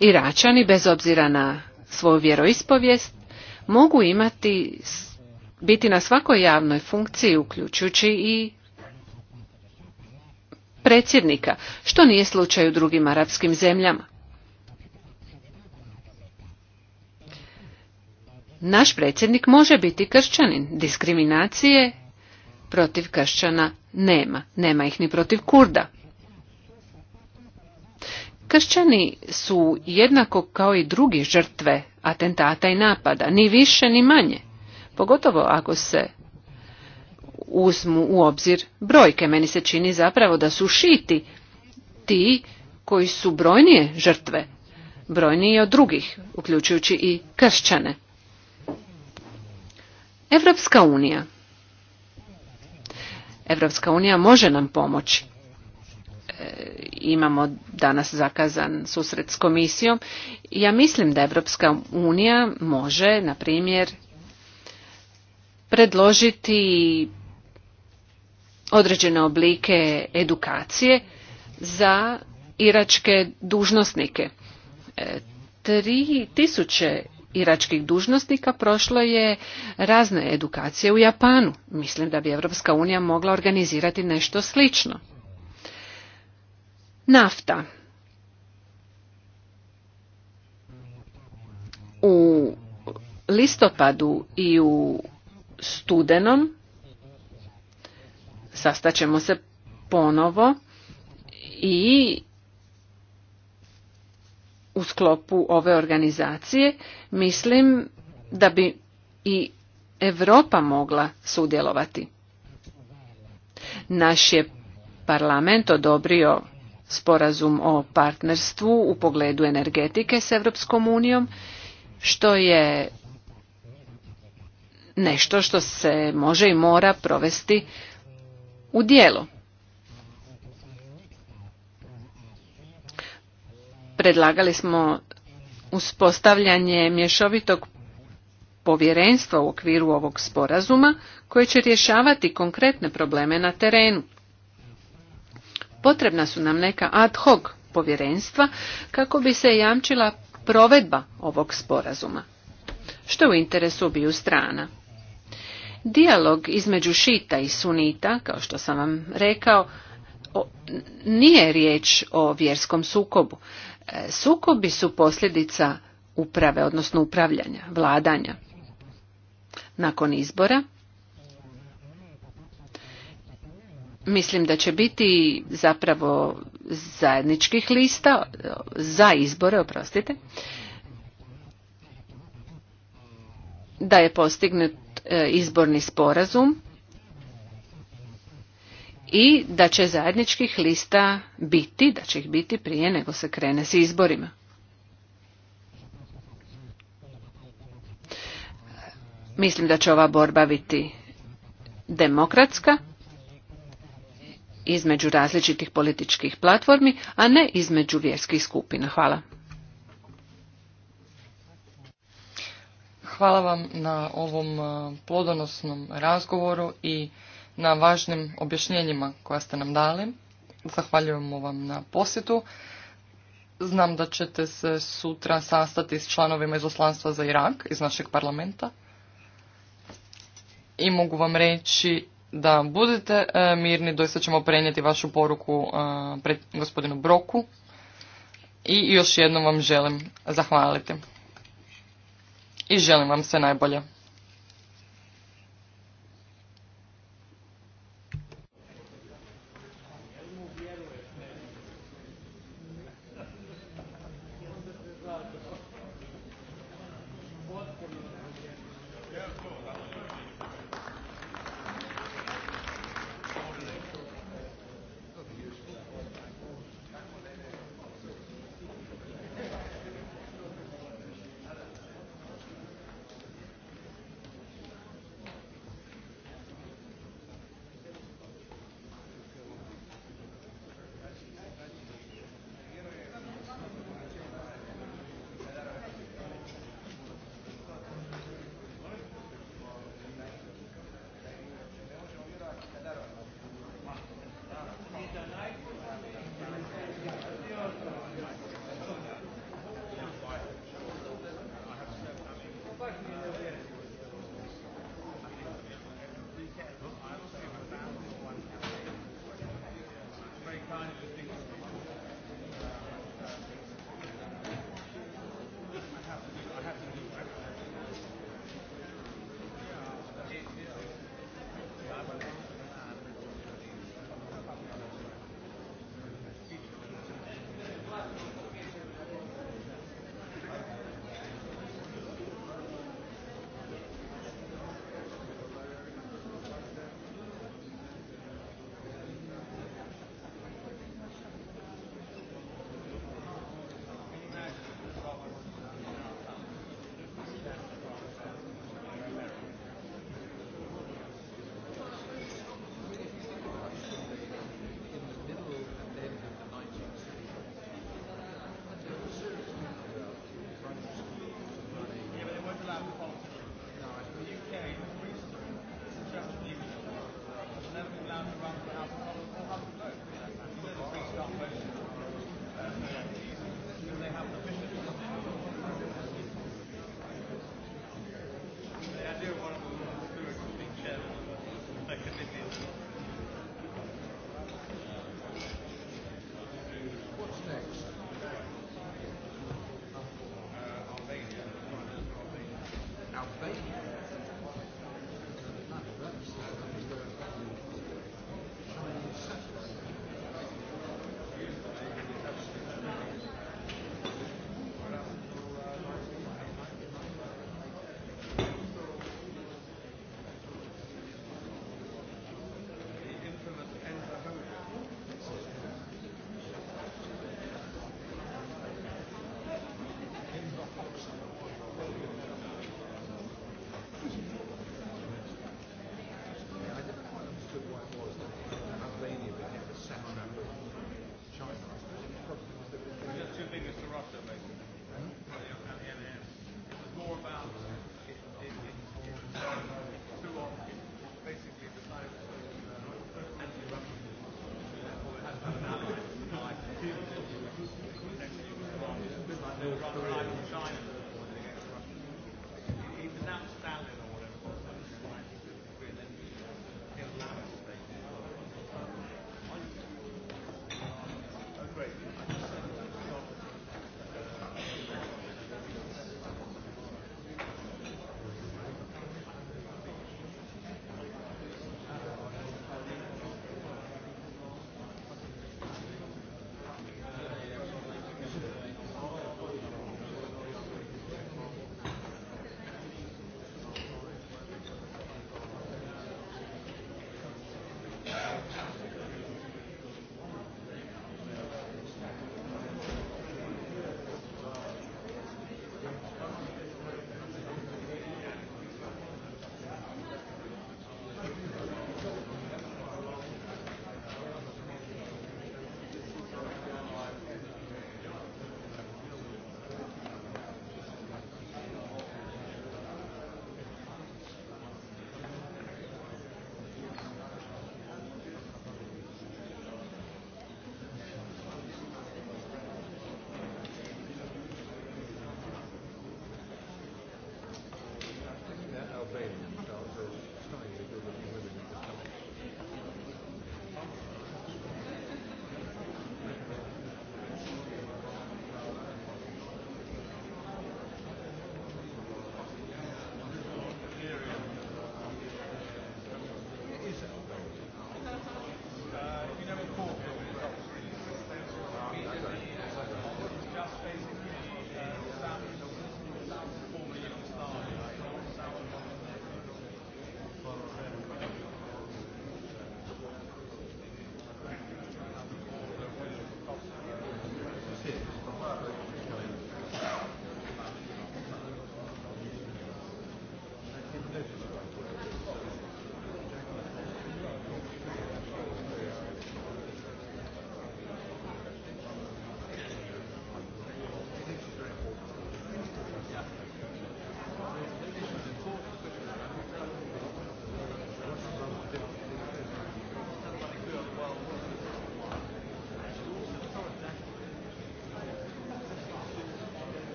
Iračani, bez obzira na svoju vjeroispovijest, mogu imati, biti na svakoj javnoj funkciji, uključujući i predsjednika, što nije slučaj u drugim arapskim zemljama. Naš predsjednik može biti kršćanin, diskriminacije protiv kršćana nema, nema ih ni protiv kurda. Kršćani su jednako kao i drugi žrtve atentata i napada, ni više ni manje, pogotovo ako se uzmu u obzir brojke. Meni se čini zapravo da su šiti ti koji su brojnije žrtve, brojniji od drugih, uključujući i kršćane. Evropska unija. Evropska unija može nam pomoći. E, imamo danas zakazan susret s komisijom. Ja mislim da Evropska unija može, na primjer, predložiti određene oblike edukacije za iračke dužnosnike. E, tri tisuće iračkih dužnosnika prošlo je razne edukacije u Japanu. Mislim da bi Europska unija mogla organizirati nešto slično. Nafta. U listopadu i u studenom sastaćemo se ponovo i u sklopu ove organizacije mislim da bi i Europa mogla sudjelovati. Naš je parlament odobrio sporazum o partnerstvu u pogledu energetike s Evropskom unijom, što je nešto što se može i mora provesti u dijelo. Predlagali smo uspostavljanje mješovitog povjerenstva u okviru ovog sporazuma koje će rješavati konkretne probleme na terenu. Potrebna su nam neka ad hoc povjerenstva kako bi se jamčila provedba ovog sporazuma, što je u interesu obiju strana. Dijalog između šita i sunita, kao što sam vam rekao, nije riječ o vjerskom sukobu. E, sukobi su posljedica uprave, odnosno upravljanja, vladanja. Nakon izbora mislim da će biti zapravo zajedničkih lista e, za izbore, oprostite, da je postignut E, izborni sporazum i da će zajedničkih lista biti, da će ih biti prije nego se krene s izborima. Mislim da će ova borba biti demokratska između različitih političkih platformi, a ne između vjerskih skupina. Hvala. Hvala vam na ovom e, plodonosnom razgovoru i na važnim objašnjenjima koja ste nam dali. Zahvaljujemo vam na posjetu. Znam da ćete se sutra sastati s članovima izoslanstva za Irak iz našeg parlamenta. I mogu vam reći da budete e, mirni, doista ćemo prenijeti vašu poruku e, pred gospodinu Broku. I još jednom vam želim zahvaliti i želim vam sve najbolje.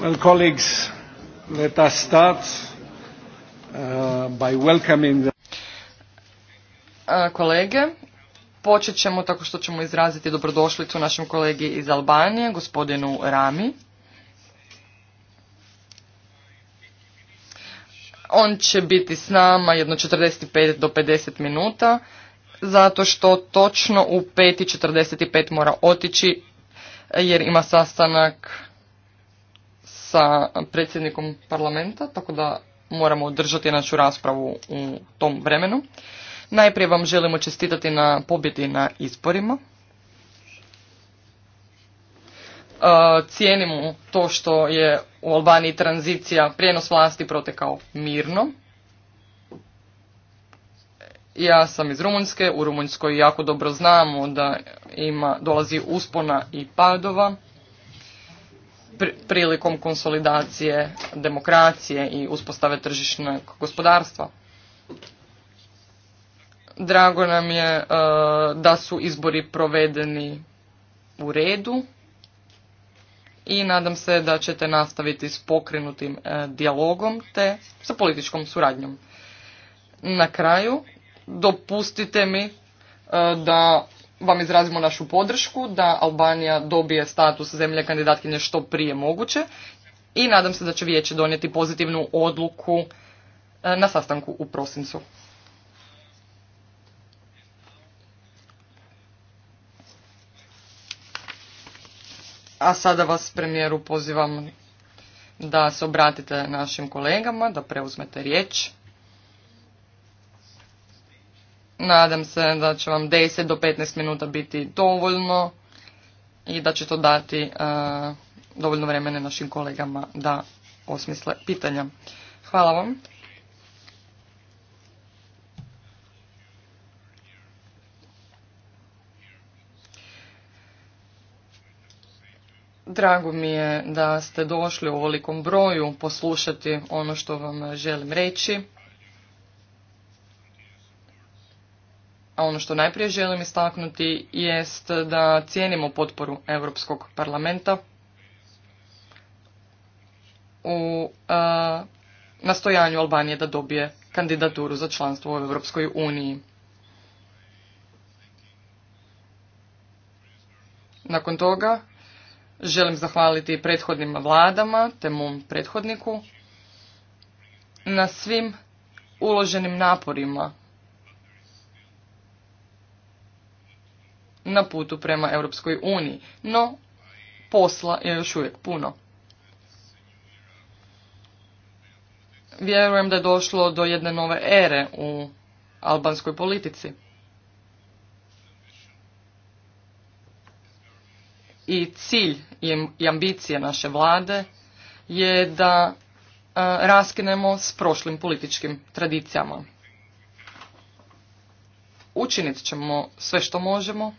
Well, colleagues, let us start uh, by welcoming Kolege, počet ćemo tako što ćemo izraziti dobrodošlicu našem kolegi iz Albanije, gospodinu Rami. On će biti s nama jedno 45 do 50 minuta, zato što točno u 5.45 mora otići jer ima sastanak sa predsjednikom parlamenta, tako da moramo održati našu raspravu u tom vremenu. Najprije vam želimo čestitati na pobjedi na izborima. E, Cijenimo to što je u Albaniji tranzicija, prijenos vlasti protekao mirno. Ja sam iz Rumunjske, u Rumunjskoj jako dobro znamo da ima, dolazi uspona i padova prilikom konsolidacije demokracije i uspostave tržišnog gospodarstva. Drago nam je e, da su izbori provedeni u redu i nadam se da ćete nastaviti s pokrenutim e, dijalogom te sa političkom suradnjom. Na kraju dopustite mi e, da vam izrazimo našu podršku da Albanija dobije status zemlje kandidatkinje što prije moguće i nadam se da će vijeće donijeti pozitivnu odluku e, na sastanku u prosincu. A sada vas, premijeru, pozivam da se obratite našim kolegama, da preuzmete riječ. Nadam se da će vam 10 do 15 minuta biti dovoljno i da će to dati e, dovoljno vremena našim kolegama da osmisle pitanja. Hvala vam. Drago mi je da ste došli u ovolikom broju poslušati ono što vam želim reći. a ono što najprije želim istaknuti jest da cijenimo potporu Europskog parlamenta u e, nastojanju Albanije da dobije kandidaturu za članstvo u Europskoj uniji. Nakon toga želim zahvaliti prethodnim vladama te mom prethodniku na svim uloženim naporima na putu prema Europskoj uniji, no posla je još uvijek puno. Vjerujem da je došlo do jedne nove ere u albanskoj politici. I cilj i ambicija naše vlade je da raskinemo s prošlim političkim tradicijama. Učinit ćemo sve što možemo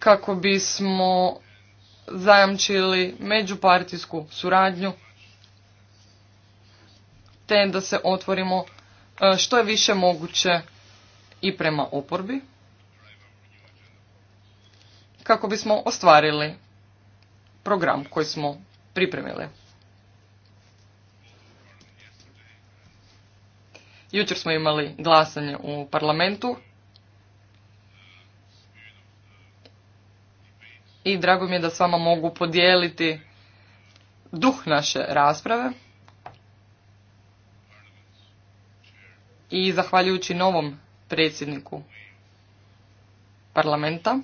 kako bismo zajamčili međupartijsku suradnju te da se otvorimo e, što je više moguće i prema oporbi kako bismo ostvarili program koji smo pripremili. Jučer smo imali glasanje u parlamentu i drago mi je da s vama mogu podijeliti duh naše rasprave. I zahvaljujući novom predsjedniku parlamenta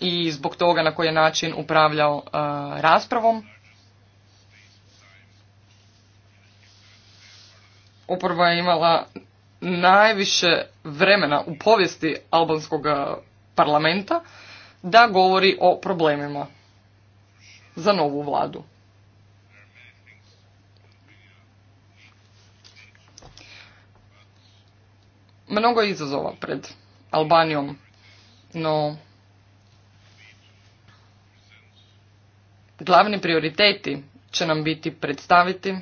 i zbog toga na koji je način upravljao uh, raspravom. Oporba je imala najviše vremena u povijesti albanskog uh, parlamenta da govori o problemima za novu vladu. Mnogo je izazova pred Albanijom, no glavni prioriteti će nam biti predstaviti,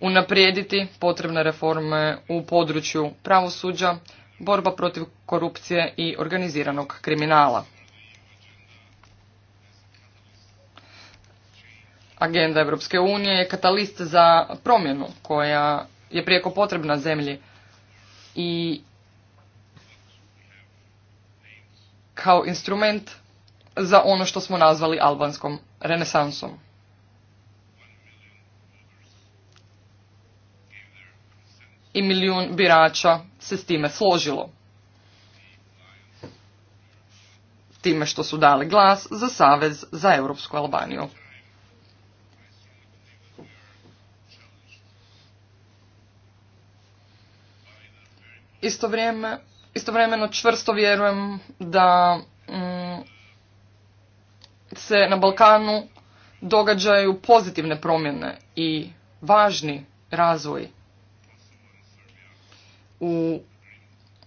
unaprijediti potrebne reforme u području pravosuđa, borba protiv korupcije i organiziranog kriminala. Agenda Europske unije je katalist za promjenu koja je prijeko potrebna zemlji i kao instrument za ono što smo nazvali albanskom renesansom. i milijun birača se s time složilo. Time što su dali glas za Savez za Europsku Albaniju. Istovremeno čvrsto vjerujem da mm, se na Balkanu događaju pozitivne promjene i važni razvoj u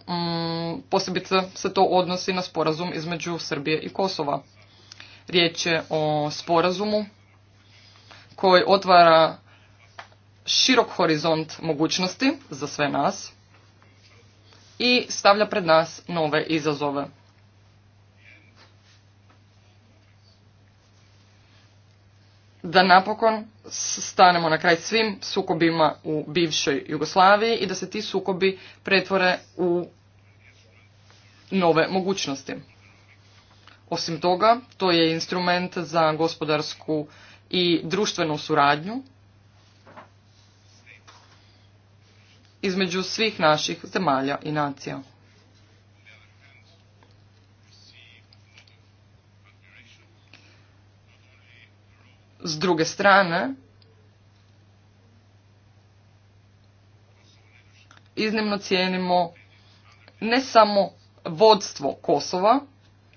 mm, posebice se to odnosi na sporazum između Srbije i Kosova. Riječ je o sporazumu koji otvara širok horizont mogućnosti za sve nas i stavlja pred nas nove izazove. da napokon stanemo na kraj svim sukobima u bivšoj Jugoslaviji i da se ti sukobi pretvore u nove mogućnosti. Osim toga, to je instrument za gospodarsku i društvenu suradnju između svih naših zemalja i nacija. S druge strane, iznimno cijenimo ne samo vodstvo Kosova,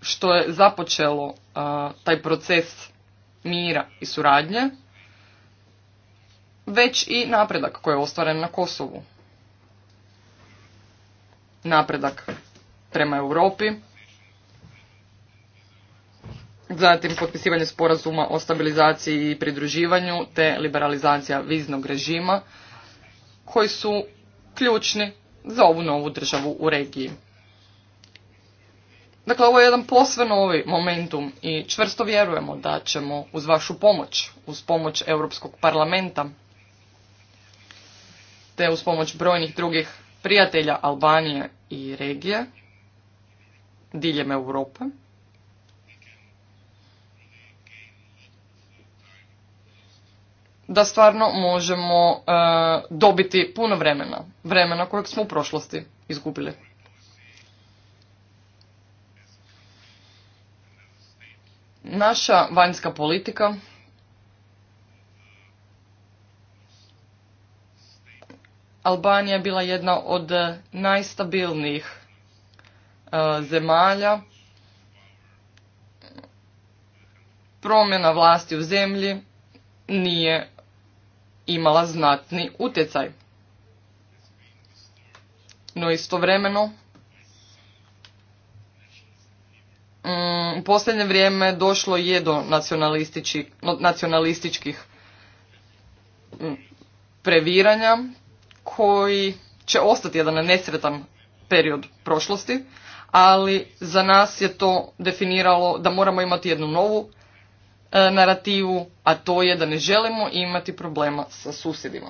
što je započelo taj proces mira i suradnje, već i napredak koji je ostvaren na Kosovu. Napredak prema Europi, zatim potpisivanje sporazuma o stabilizaciji i pridruživanju te liberalizacija viznog režima koji su ključni za ovu novu državu u regiji. Dakle, ovo je jedan posve novi momentum i čvrsto vjerujemo da ćemo uz vašu pomoć, uz pomoć Europskog parlamenta, te uz pomoć brojnih drugih prijatelja Albanije i regije, diljem Europe, da stvarno možemo e, dobiti puno vremena, vremena kojeg smo u prošlosti izgubili. Naša vanjska politika Albanija je bila jedna od najstabilnijih e, zemalja. Promjena vlasti u zemlji nije imala znatni utjecaj. No istovremeno, mm, u posljednje vrijeme došlo je do nacionalističkih mm, previranja koji će ostati jedan nesretan period prošlosti, ali za nas je to definiralo da moramo imati jednu novu E, narativu, a to je da ne želimo imati problema sa susjedima.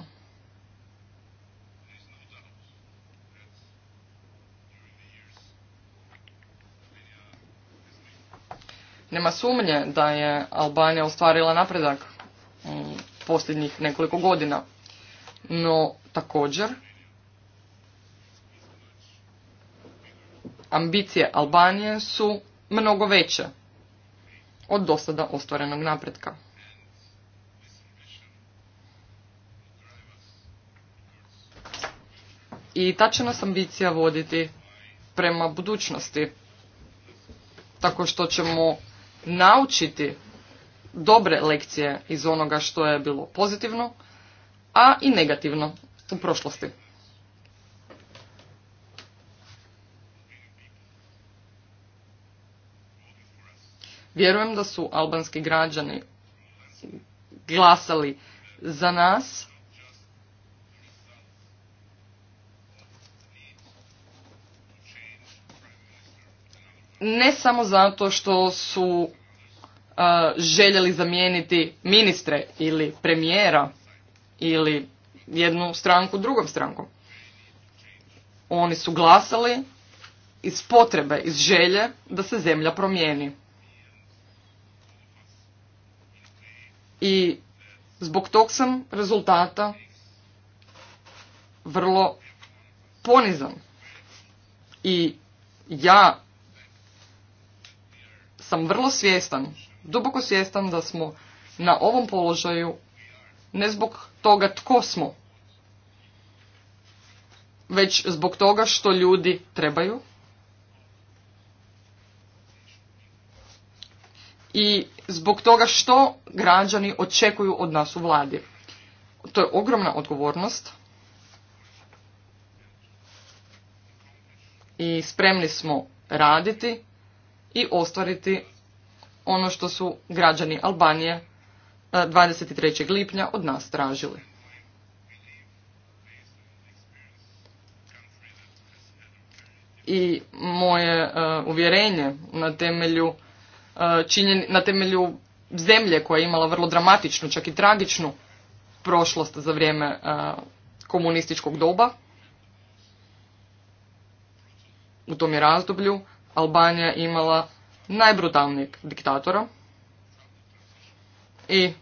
Nema sumnje da je Albanija ostvarila napredak posljednjih nekoliko godina, no također ambicije Albanije su mnogo veće od dosada ostvarenog napretka. I ta će nas ambicija voditi prema budućnosti, tako što ćemo naučiti dobre lekcije iz onoga što je bilo pozitivno, a i negativno u prošlosti. Vjerujem da su albanski građani glasali za nas. Ne samo zato što su uh, željeli zamijeniti ministre ili premijera ili jednu stranku drugom strankom. Oni su glasali iz potrebe, iz želje da se zemlja promijeni. I zbog tog sam rezultata vrlo ponizan. I ja sam vrlo svjestan, duboko svjestan da smo na ovom položaju ne zbog toga tko smo, već zbog toga što ljudi trebaju i zbog toga što građani očekuju od nas u vladi. To je ogromna odgovornost i spremni smo raditi i ostvariti ono što su građani Albanije 23. E, lipnja od nas tražili. I moje e, uvjerenje na temelju činjen, na temelju zemlje koja je imala vrlo dramatičnu, čak i tragičnu prošlost za vrijeme e, komunističkog doba. U tom je razdoblju Albanija imala najbrutalnijeg diktatora i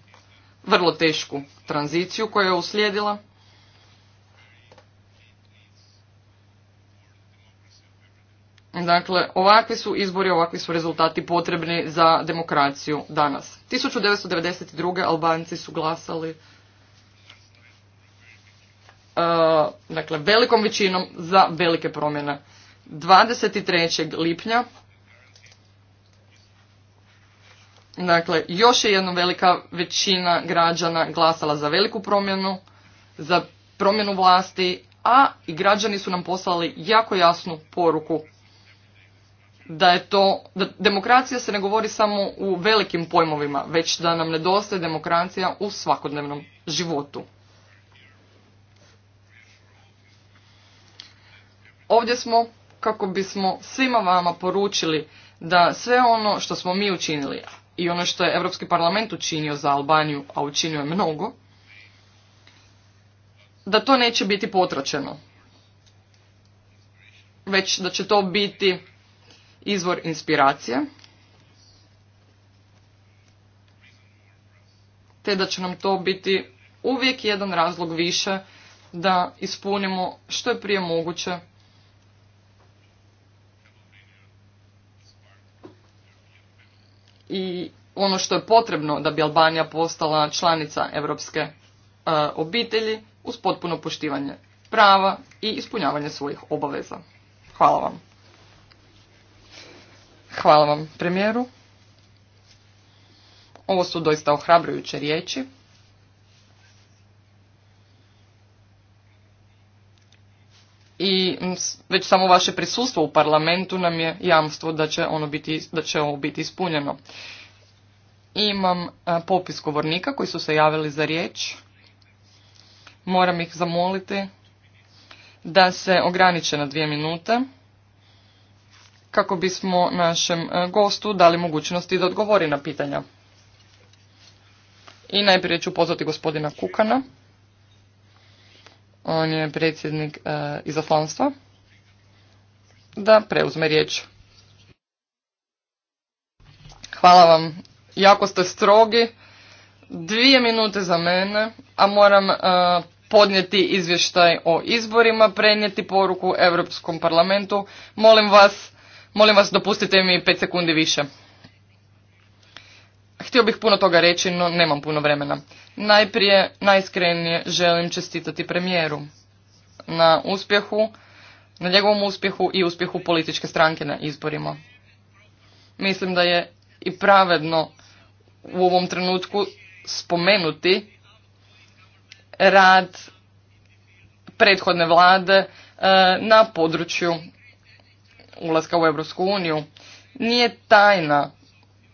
vrlo tešku tranziciju koja je uslijedila Dakle, ovakvi su izbori, ovakvi su rezultati potrebni za demokraciju danas. 1992. Albanci su glasali uh, dakle, velikom većinom za velike promjene. 23. lipnja Dakle, još je jedna velika većina građana glasala za veliku promjenu, za promjenu vlasti, a i građani su nam poslali jako jasnu poruku da je to, da demokracija se ne govori samo u velikim pojmovima, već da nam nedostaje demokracija u svakodnevnom životu. Ovdje smo kako bismo svima vama poručili da sve ono što smo mi učinili i ono što je Europski parlament učinio za Albaniju, a učinio je mnogo, da to neće biti potračeno, već da će to biti izvor inspiracije, te da će nam to biti uvijek jedan razlog više da ispunimo što je prije moguće i ono što je potrebno da bi Albanija postala članica europske e, obitelji uz potpuno poštivanje prava i ispunjavanje svojih obaveza. Hvala vam. Hvala vam, premijeru. Ovo su doista ohrabrujuće riječi. I već samo vaše prisustvo u parlamentu nam je jamstvo da će, ono biti, da će ovo biti ispunjeno. Imam popis govornika koji su se javili za riječ. Moram ih zamoliti da se ograniče na dvije minute kako bismo našem e, gostu dali mogućnosti da odgovori na pitanja. I najprije ću pozvati gospodina Kukana. On je predsjednik e, izaslanstva. Da preuzme riječ. Hvala vam. Jako ste strogi. Dvije minute za mene, a moram e, podnijeti izvještaj o izborima, prenijeti poruku Europskom parlamentu. Molim vas Molim vas, dopustite mi pet sekundi više. Htio bih puno toga reći, no nemam puno vremena. Najprije, najiskrenije želim čestitati premijeru na uspjehu, na njegovom uspjehu i uspjehu političke stranke na izborima. Mislim da je i pravedno u ovom trenutku spomenuti rad prethodne vlade eh, na području ulaska u Europsku uniju. Nije tajna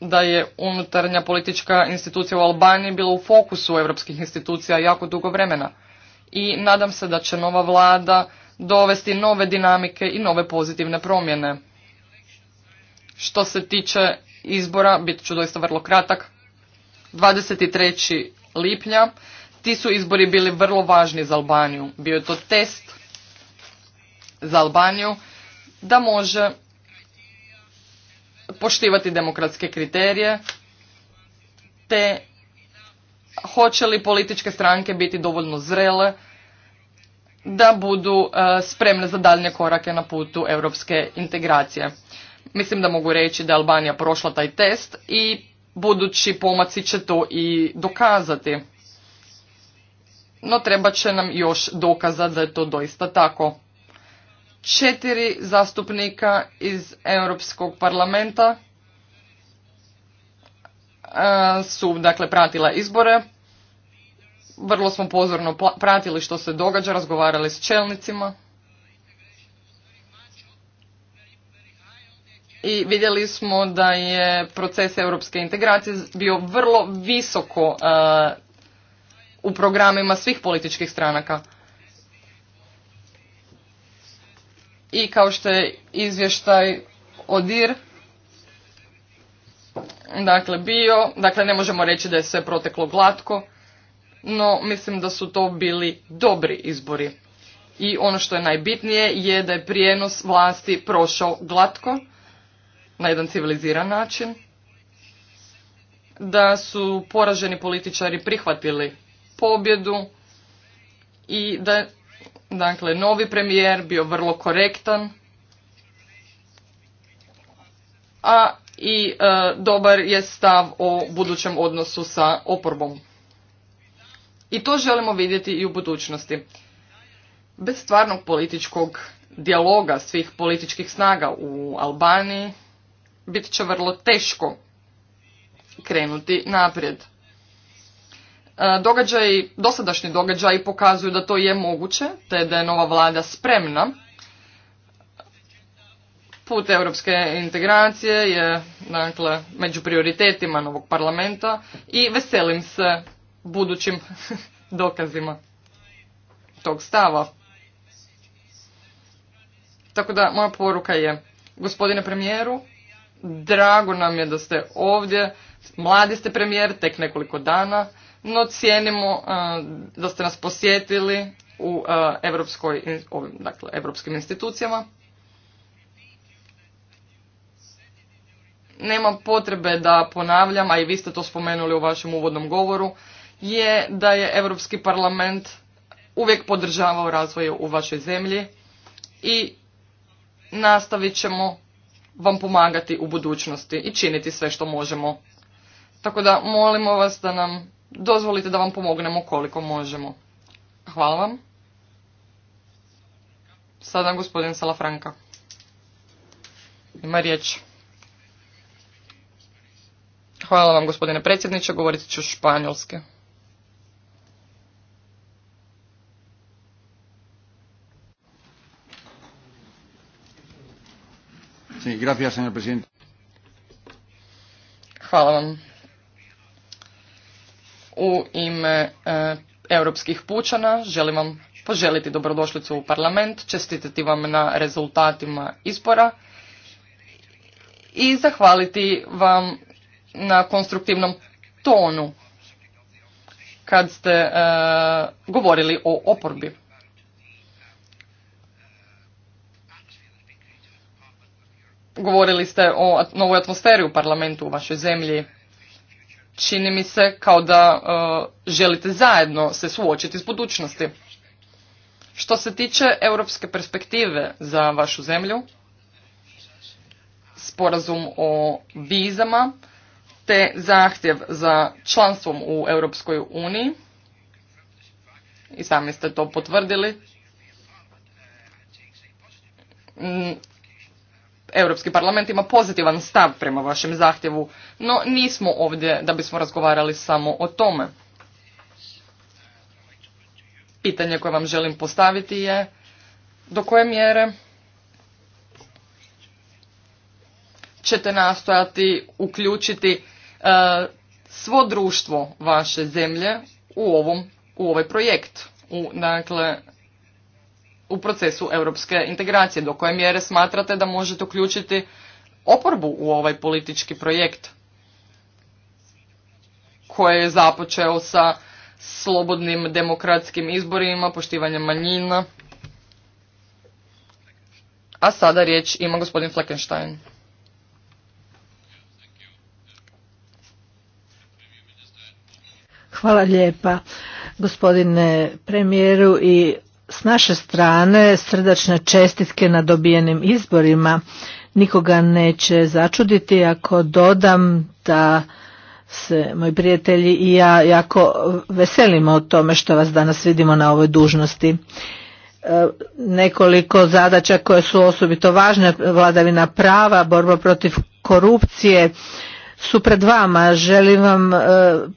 da je unutarnja politička institucija u Albaniji bila u fokusu europskih institucija jako dugo vremena. I nadam se da će nova vlada dovesti nove dinamike i nove pozitivne promjene. Što se tiče izbora, bit ću doista vrlo kratak, 23. lipnja ti su izbori bili vrlo važni za Albaniju. Bio je to test za Albaniju da može poštivati demokratske kriterije te hoće li političke stranke biti dovoljno zrele da budu e, spremne za daljnje korake na putu europske integracije. Mislim da mogu reći da je Albanija prošla taj test i budući pomaci će to i dokazati. No treba će nam još dokazati da je to doista tako četiri zastupnika iz Europskog parlamenta e, su dakle pratila izbore. Vrlo smo pozorno pratili što se događa, razgovarali s čelnicima. I vidjeli smo da je proces europske integracije bio vrlo visoko e, u programima svih političkih stranaka. i kao što je izvještaj ODIR dakle bio, dakle ne možemo reći da je sve proteklo glatko, no mislim da su to bili dobri izbori. I ono što je najbitnije je da je prijenos vlasti prošao glatko, na jedan civiliziran način, da su poraženi političari prihvatili pobjedu i da Dakle, novi premijer bio vrlo korektan, a i e, dobar je stav o budućem odnosu sa oporbom. I to želimo vidjeti i u budućnosti. Bez stvarnog političkog dijaloga svih političkih snaga u Albaniji bit će vrlo teško krenuti naprijed. E, događaji, dosadašnji događaji pokazuju da to je moguće, te da je nova vlada spremna. Put europske integracije je dakle, među prioritetima novog parlamenta i veselim se budućim <laughs> dokazima tog stava. Tako da moja poruka je, gospodine premijeru, drago nam je da ste ovdje, mladi ste premijer, tek nekoliko dana, no cijenimo eh, da ste nas posjetili u eh, evropskoj, dakle, evropskim institucijama. Nema potrebe da ponavljam, a i vi ste to spomenuli u vašem uvodnom govoru, je da je Europski parlament uvijek podržavao razvoj u vašoj zemlji i nastavit ćemo vam pomagati u budućnosti i činiti sve što možemo. Tako da molimo vas da nam dozvolite da vam pomognemo koliko možemo. Hvala vam. Sada gospodin Salafranka. Ima riječ. Hvala vam gospodine predsjedniče, govorit ću španjolski. Hvala vam u ime e, europskih pučana želim vam poželiti dobrodošlicu u parlament, čestitati vam na rezultatima izbora i zahvaliti vam na konstruktivnom tonu kad ste e, govorili o oporbi. Govorili ste o novoj atmosferi u parlamentu u vašoj zemlji čini mi se kao da e, želite zajedno se suočiti s budućnosti. Što se tiče europske perspektive za vašu zemlju, sporazum o vizama te zahtjev za članstvom u Europskoj uniji, i sami ste to potvrdili, Europski parlament ima pozitivan stav prema vašem zahtjevu, no nismo ovdje da bismo razgovarali samo o tome. Pitanje koje vam želim postaviti je do koje mjere ćete nastojati uključiti e, svo društvo vaše zemlje u, ovom, u ovaj projekt, u dakle u procesu europske integracije? Do koje mjere smatrate da možete uključiti oporbu u ovaj politički projekt koji je započeo sa slobodnim demokratskim izborima, poštivanjem manjina? A sada riječ ima gospodin Fleckenstein. Hvala lijepa gospodine premijeru i s naše strane srdačne čestitke na dobijenim izborima. Nikoga neće začuditi ako dodam da se moji prijatelji i ja jako veselimo o tome što vas danas vidimo na ovoj dužnosti. E, nekoliko zadaća koje su osobito važne, vladavina prava, borba protiv korupcije, su pred vama. Želim vam e,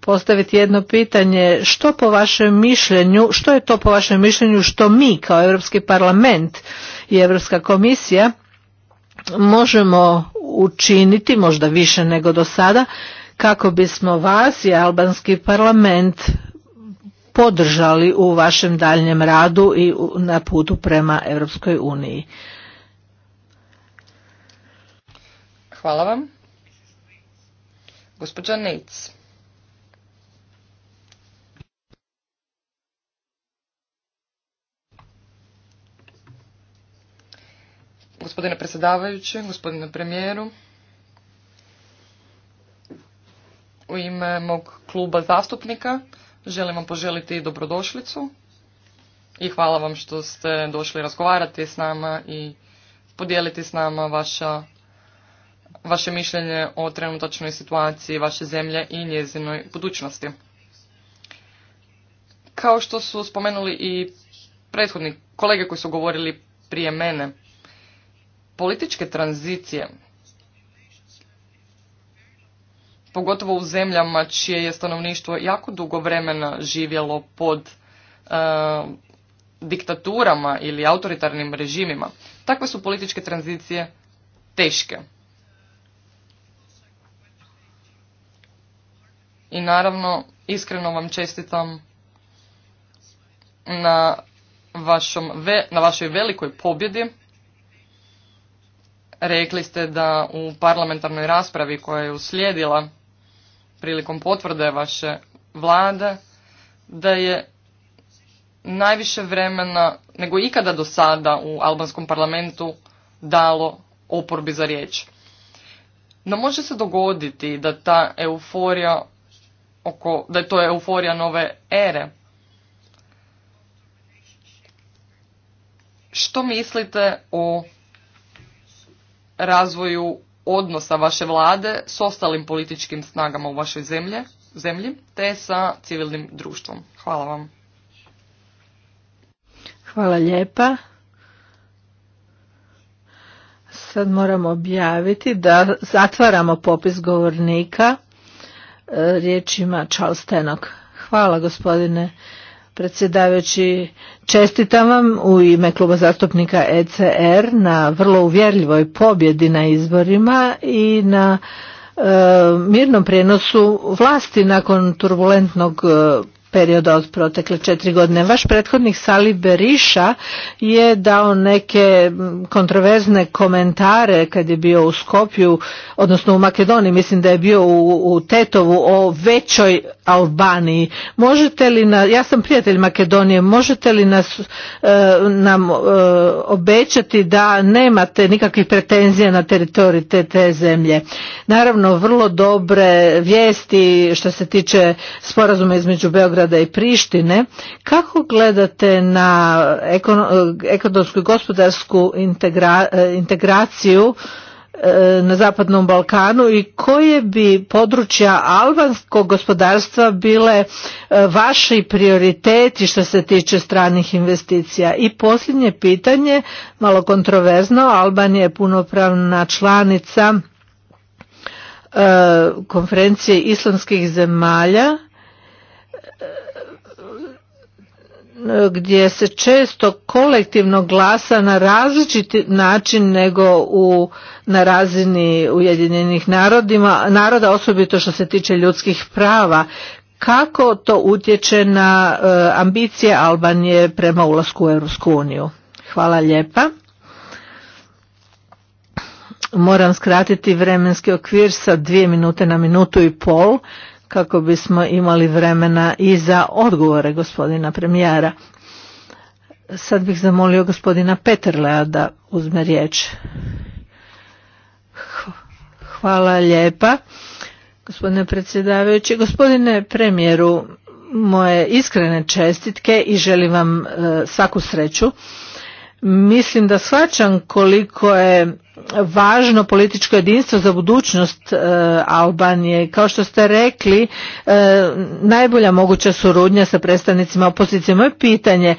postaviti jedno pitanje. Što po vašem mišljenju, što je to po vašem mišljenju što mi kao Europski parlament i Europska komisija možemo učiniti, možda više nego do sada, kako bismo vas i albanski parlament podržali u vašem daljnjem radu i na putu prema Europskoj uniji. Hvala vam. Gospođa Nejc. Gospodine predsjedavajući, gospodine premijeru, u ime mog kluba zastupnika želim vam poželiti dobrodošlicu i hvala vam što ste došli razgovarati s nama i podijeliti s nama vaša vaše mišljenje o trenutačnoj situaciji vaše zemlje i njezinoj budućnosti. Kao što su spomenuli i prethodni kolege koji su govorili prije mene, političke tranzicije, pogotovo u zemljama čije je stanovništvo jako dugo vremena živjelo pod e, diktaturama ili autoritarnim režimima, takve su političke tranzicije teške. I naravno, iskreno vam čestitam na, vašom ve, na vašoj velikoj pobjedi. Rekli ste da u parlamentarnoj raspravi koja je uslijedila prilikom potvrde vaše vlade, da je najviše vremena nego ikada do sada u albanskom parlamentu dalo oporbi za riječ. No može se dogoditi da ta euforija oko, da je to euforija nove ere. Što mislite o razvoju odnosa vaše vlade s ostalim političkim snagama u vašoj zemlje, zemlji te sa civilnim društvom? Hvala vam. Hvala lijepa. Sad moramo objaviti da zatvaramo popis govornika riječima Charles Hvala gospodine predsjedavajući. Čestitam vam u ime kluba zastupnika ECR na vrlo uvjerljivoj pobjedi na izborima i na e, mirnom prijenosu vlasti nakon turbulentnog e, perioda od protekle četiri godine. Vaš prethodnik Sali Beriša je dao neke kontroverzne komentare kad je bio u Skopju, odnosno u Makedoniji, mislim da je bio u, Tetovu o većoj Albaniji. Možete li na, ja sam prijatelj Makedonije, možete li nas, e, nam e, obećati da nemate nikakvih pretenzija na teritoriju te, te zemlje? Naravno, vrlo dobre vijesti što se tiče sporazuma između Beograda i Prištine, kako gledate na ekonomsku i gospodarsku eh, integraciju eh, na Zapadnom Balkanu i koje bi područja albanskog gospodarstva bile eh, vaši prioriteti što se tiče stranih investicija? I posljednje pitanje, malo kontroverzno, Albanija je punopravna članica konferencije islamskih zemalja gdje se često kolektivno glasa na različiti način nego u, na razini Ujedinjenih narodima, naroda, osobito što se tiče ljudskih prava. Kako to utječe na eh, ambicije Albanije prema ulasku u Europsku uniju? Hvala lijepa. Moram skratiti vremenski okvir sa dvije minute na minutu i pol kako bismo imali vremena i za odgovore gospodina premijera. Sad bih zamolio gospodina Peterlea da uzme riječ. Hvala lijepa. Gospodine predsjedavajući, gospodine premijeru, moje iskrene čestitke i želim vam e, svaku sreću. Mislim da shvaćam koliko je važno političko jedinstvo za budućnost e, Albanije. Kao što ste rekli, e, najbolja moguća suradnja sa predstavnicima opozicije. Moje pitanje,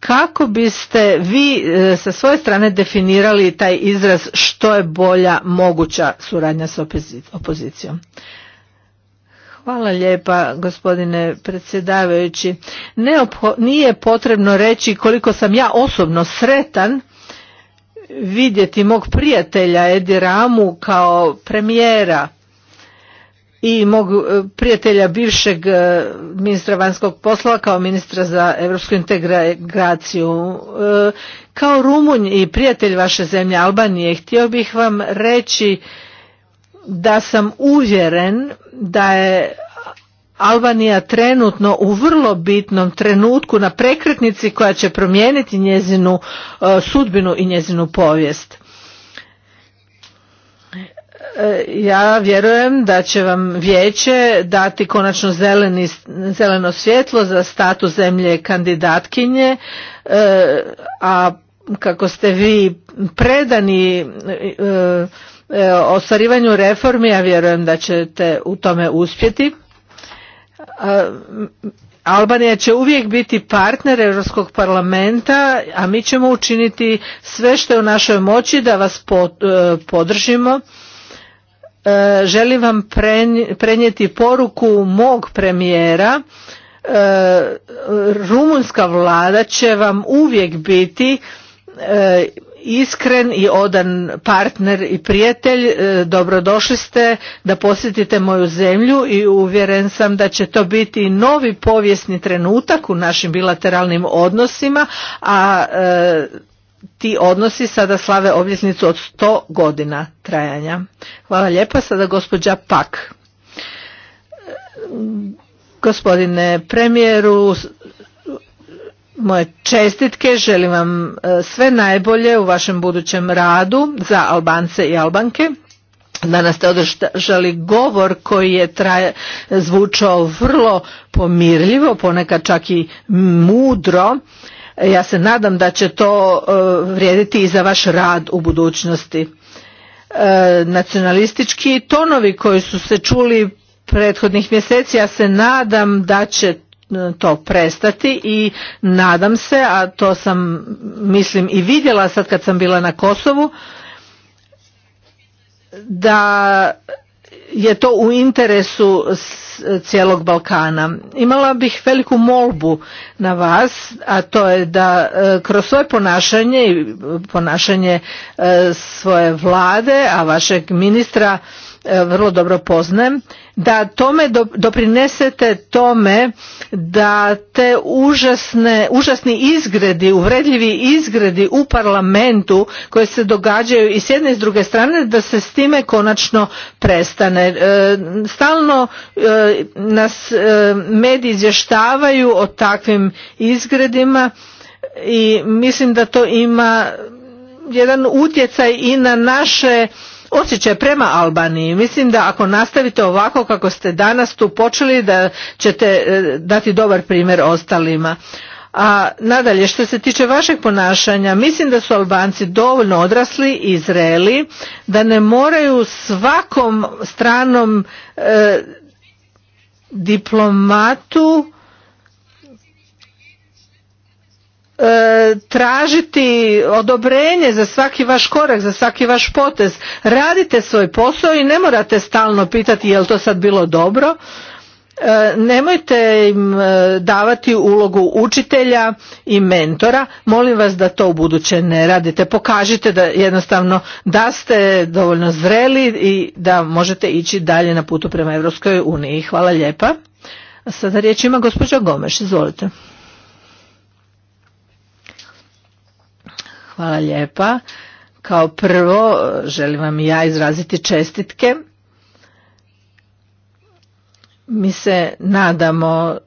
kako biste vi e, sa svoje strane definirali taj izraz što je bolja moguća suradnja s opozicijom? Hvala lijepa gospodine predsjedavajući. nije potrebno reći koliko sam ja osobno sretan vidjeti mog prijatelja Edi Ramu kao premijera i mog e, prijatelja bivšeg e, ministra vanjskog poslova kao ministra za europsku integraciju. E, kao Rumunj i prijatelj vaše zemlje Albanije htio bih vam reći da sam uvjeren da je Albanija trenutno u vrlo bitnom trenutku na prekretnici koja će promijeniti njezinu e, sudbinu i njezinu povijest. E, ja vjerujem da će vam vijeće dati konačno zeleno svjetlo za status zemlje kandidatkinje, e, a kako ste vi predani ostvarivanju reformi, ja vjerujem da ćete u tome uspjeti. Albanija će uvijek biti partner Europskog parlamenta, a mi ćemo učiniti sve što je u našoj moći da vas e, podržimo. E, želim vam prenijeti poruku mog premijera. E, rumunska vlada će vam uvijek biti iskren i odan partner i prijatelj. E, dobrodošli ste da posjetite moju zemlju i uvjeren sam da će to biti novi povijesni trenutak u našim bilateralnim odnosima, a e, ti odnosi sada slave obljesnicu od 100 godina trajanja. Hvala lijepa, sada gospođa Pak. E, gospodine premijeru, moje čestitke, želim vam e, sve najbolje u vašem budućem radu za Albance i Albanke. Danas ste održali govor koji je traje, zvučao vrlo pomirljivo, ponekad čak i mudro. Ja se nadam da će to e, vrijediti i za vaš rad u budućnosti. E, nacionalistički tonovi koji su se čuli prethodnih mjeseci, ja se nadam da će E, to prestati i nadam se, a to sam mislim i vidjela sad kad sam bila na Kosovu, da je to u interesu cijelog Balkana. Imala bih veliku molbu na vas, a to je da e, kroz svoje ponašanje i ponašanje e, svoje vlade, a vašeg ministra E, vrlo dobro poznajem, da tome doprinesete tome da te užasne, užasni izgredi, uvredljivi izgredi u parlamentu koje se događaju i s jedne i s druge strane da se s time konačno prestane. E, stalno e, nas mediji izvještavaju o takvim izgredima i mislim da to ima jedan utjecaj i na naše osjećaj prema Albaniji. Mislim da ako nastavite ovako kako ste danas tu počeli da ćete e, dati dobar primjer ostalima. A nadalje, što se tiče vašeg ponašanja, mislim da su Albanci dovoljno odrasli i zreli da ne moraju svakom stranom e, diplomatu E, tražiti odobrenje za svaki vaš korak, za svaki vaš potez. Radite svoj posao i ne morate stalno pitati je li to sad bilo dobro. E, nemojte im e, davati ulogu učitelja i mentora. Molim vas da to u buduće ne radite. Pokažite da jednostavno da ste dovoljno zreli i da možete ići dalje na putu prema Europskoj uniji. Hvala lijepa. sada riječ ima gospođa Gomeš. Izvolite. Hvala lijepa. Kao prvo želim vam i ja izraziti čestitke. Mi se nadamo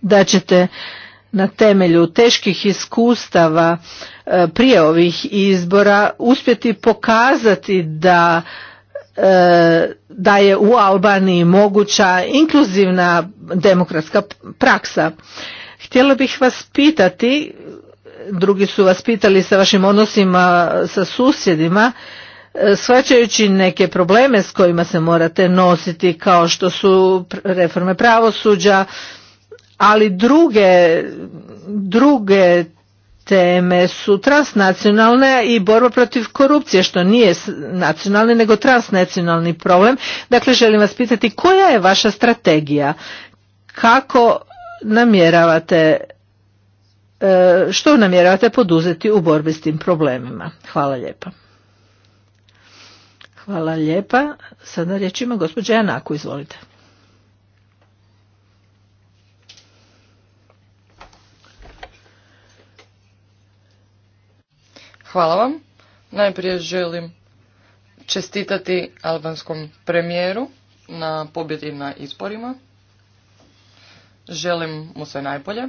da ćete na temelju teških iskustava e, prije ovih izbora uspjeti pokazati da E, da je u Albaniji moguća inkluzivna demokratska praksa. Htjela bih vas pitati, drugi su vas pitali sa vašim odnosima sa susjedima, e, shvaćajući neke probleme s kojima se morate nositi kao što su reforme pravosuđa, ali druge, druge teme su transnacionalne i borba protiv korupcije, što nije nacionalni nego transnacionalni problem. Dakle, želim vas pitati koja je vaša strategija? Kako namjeravate, e, što namjeravate poduzeti u borbi s tim problemima? Hvala lijepa. Hvala lijepa. Sada riječ ima gospođa Janaku, izvolite. Hvala vam. Najprije želim čestitati albanskom premijeru na pobjedi na izborima. Želim mu sve najbolje.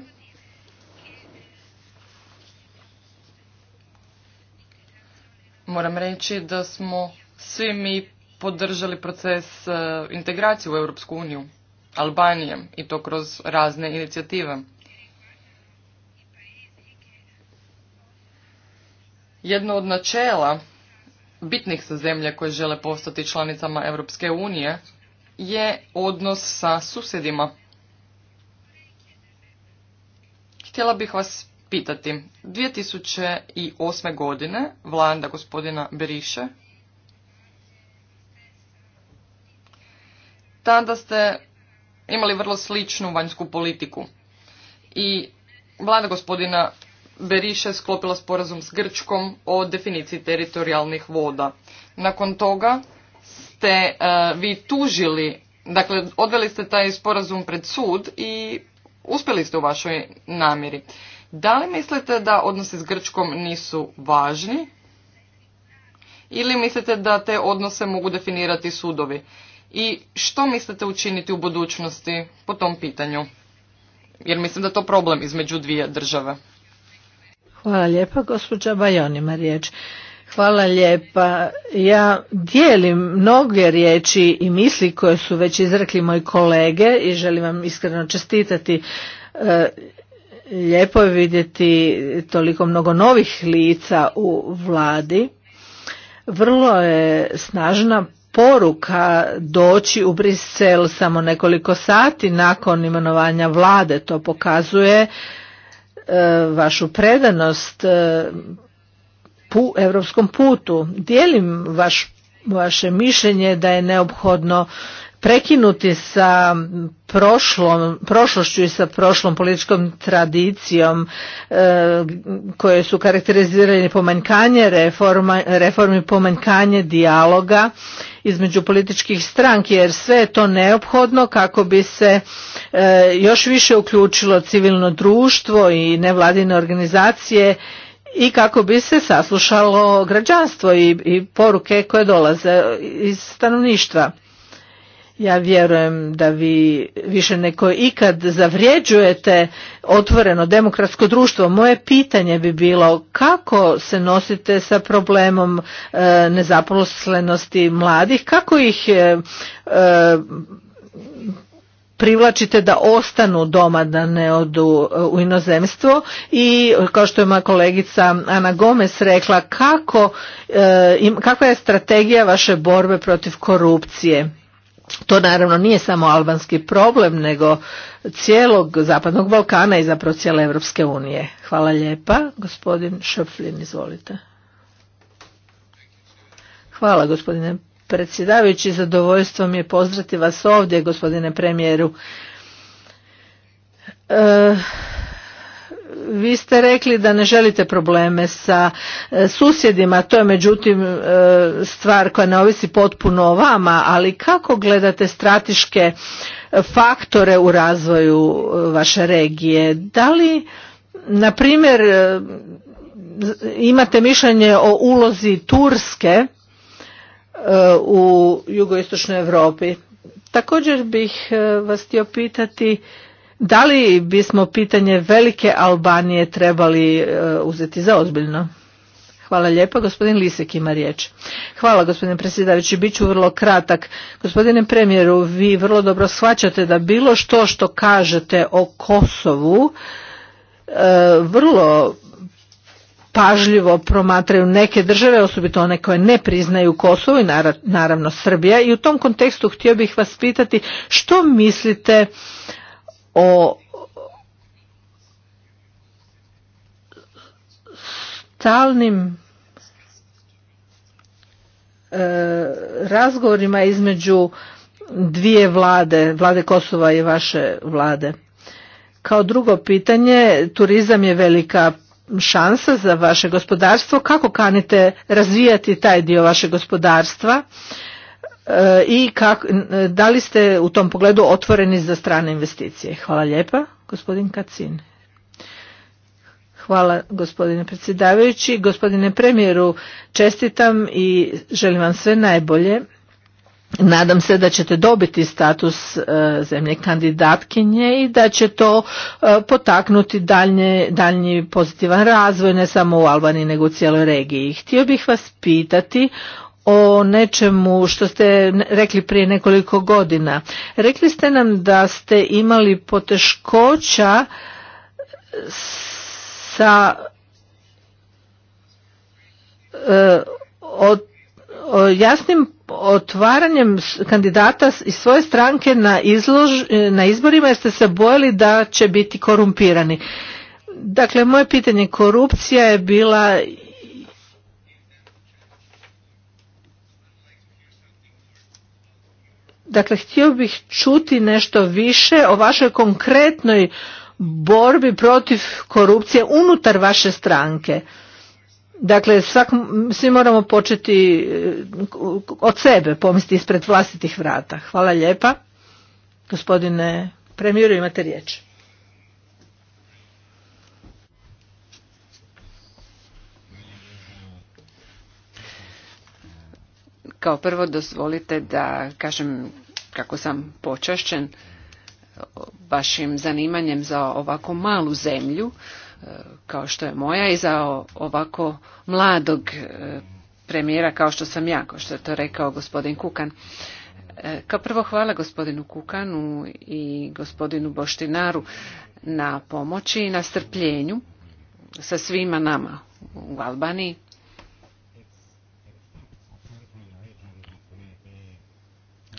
Moram reći da smo svi mi podržali proces eh, integracije u Europsku uniju Albanije i to kroz razne inicijative. Jedno od načela bitnih za zemlje koje žele postati članicama Europske unije je odnos sa susjedima. Htjela bih vas pitati, 2008. godine vlada gospodina Beriše, tada ste imali vrlo sličnu vanjsku politiku i vlada gospodina Beriše sklopila sporazum s Grčkom o definiciji teritorijalnih voda. Nakon toga ste e, vi tužili, dakle odveli ste taj sporazum pred sud i uspjeli ste u vašoj namjeri. Da li mislite da odnose s Grčkom nisu važni ili mislite da te odnose mogu definirati sudovi? I što mislite učiniti u budućnosti po tom pitanju? Jer mislim da je to problem između dvije države. Hvala lijepa, gospođa Bajon ima riječ. Hvala lijepa. Ja dijelim mnoge riječi i misli koje su već izrekli moji kolege i želim vam iskreno čestitati. E, lijepo je vidjeti toliko mnogo novih lica u vladi. Vrlo je snažna poruka doći u Brisel samo nekoliko sati nakon imenovanja vlade. To pokazuje E, vašu predanost e, u europskom putu. Dijelim vaše mišljenje da je neophodno prekinuti sa prošlom, prošlošću i sa prošlom političkom tradicijom e, koje su karakterizirane pomanjkanje reformi pomanjkanje dijaloga između političkih stranki jer sve je to neophodno kako bi se e, još više uključilo civilno društvo i nevladine organizacije i kako bi se saslušalo građanstvo i, i poruke koje dolaze iz stanovništva ja vjerujem da vi više neko ikad zavrijeđujete otvoreno demokratsko društvo. Moje pitanje bi bilo kako se nosite sa problemom e, nezaposlenosti mladih, kako ih e, e, privlačite da ostanu doma, da ne odu u inozemstvo i kao što je moja kolegica Ana Gomez rekla, kako, kakva je strategija vaše borbe protiv korupcije? to naravno nije samo albanski problem, nego cijelog Zapadnog Balkana i zapravo cijele Evropske unije. Hvala lijepa. Gospodin Šöpflin, izvolite. Hvala gospodine predsjedavajući. Zadovoljstvo mi je pozdrati vas ovdje, gospodine premijeru. E, vi ste rekli da ne želite probleme sa e, susjedima, to je međutim e, stvar koja ne ovisi potpuno o vama, ali kako gledate strateške e, faktore u razvoju vaše regije? Da li, na primjer, imate mišljenje o ulozi Turske u jugoistočnoj Europi? Također bih vas htio pitati da li bismo pitanje velike Albanije trebali e, uzeti za ozbiljno? Hvala lijepa. Gospodin Lisek ima riječ. Hvala gospodine predsjedavajući. ću vrlo kratak. Gospodine premijeru, vi vrlo dobro shvaćate da bilo što što kažete o Kosovu e, vrlo pažljivo promatraju neke države, osobito one koje ne priznaju Kosovo i naravno Srbija. I u tom kontekstu htio bih vas pitati što mislite o stalnim e, razgovorima između dvije vlade, vlade Kosova i vaše vlade. Kao drugo pitanje, turizam je velika šansa za vaše gospodarstvo. Kako kanite razvijati taj dio vaše gospodarstva? E, i kak, da li ste u tom pogledu otvoreni za strane investicije? Hvala lijepa, gospodin Kacin. Hvala gospodine predsjedavajući. Gospodine premijeru, čestitam i želim vam sve najbolje. Nadam se da ćete dobiti status e, zemlje kandidatkinje i da će to e, potaknuti daljnji pozitivan razvoj ne samo u Albaniji nego u cijeloj regiji. Htio bih vas pitati o nečemu što ste rekli prije nekoliko godina. Rekli ste nam da ste imali poteškoća sa e, jasnim otvaranjem kandidata iz svoje stranke na, e, na izborima jer ste se bojali da će biti korumpirani. Dakle, moje pitanje korupcija je bila Dakle, htio bih čuti nešto više o vašoj konkretnoj borbi protiv korupcije unutar vaše stranke. Dakle, svak, svi moramo početi eh, od sebe, pomisliti ispred vlastitih vrata. Hvala lijepa. Gospodine premijeru, imate riječ. Kao prvo dozvolite da kažem kako sam počašćen e, vašim zanimanjem za ovako malu zemlju e, kao što je moja i za ovako mladog e, premijera kao što sam ja, kao što je to rekao gospodin Kukan. Kao prvo hvala gospodinu Kukanu i gospodinu Boštinaru na pomoći i na strpljenju sa svima nama u Albaniji.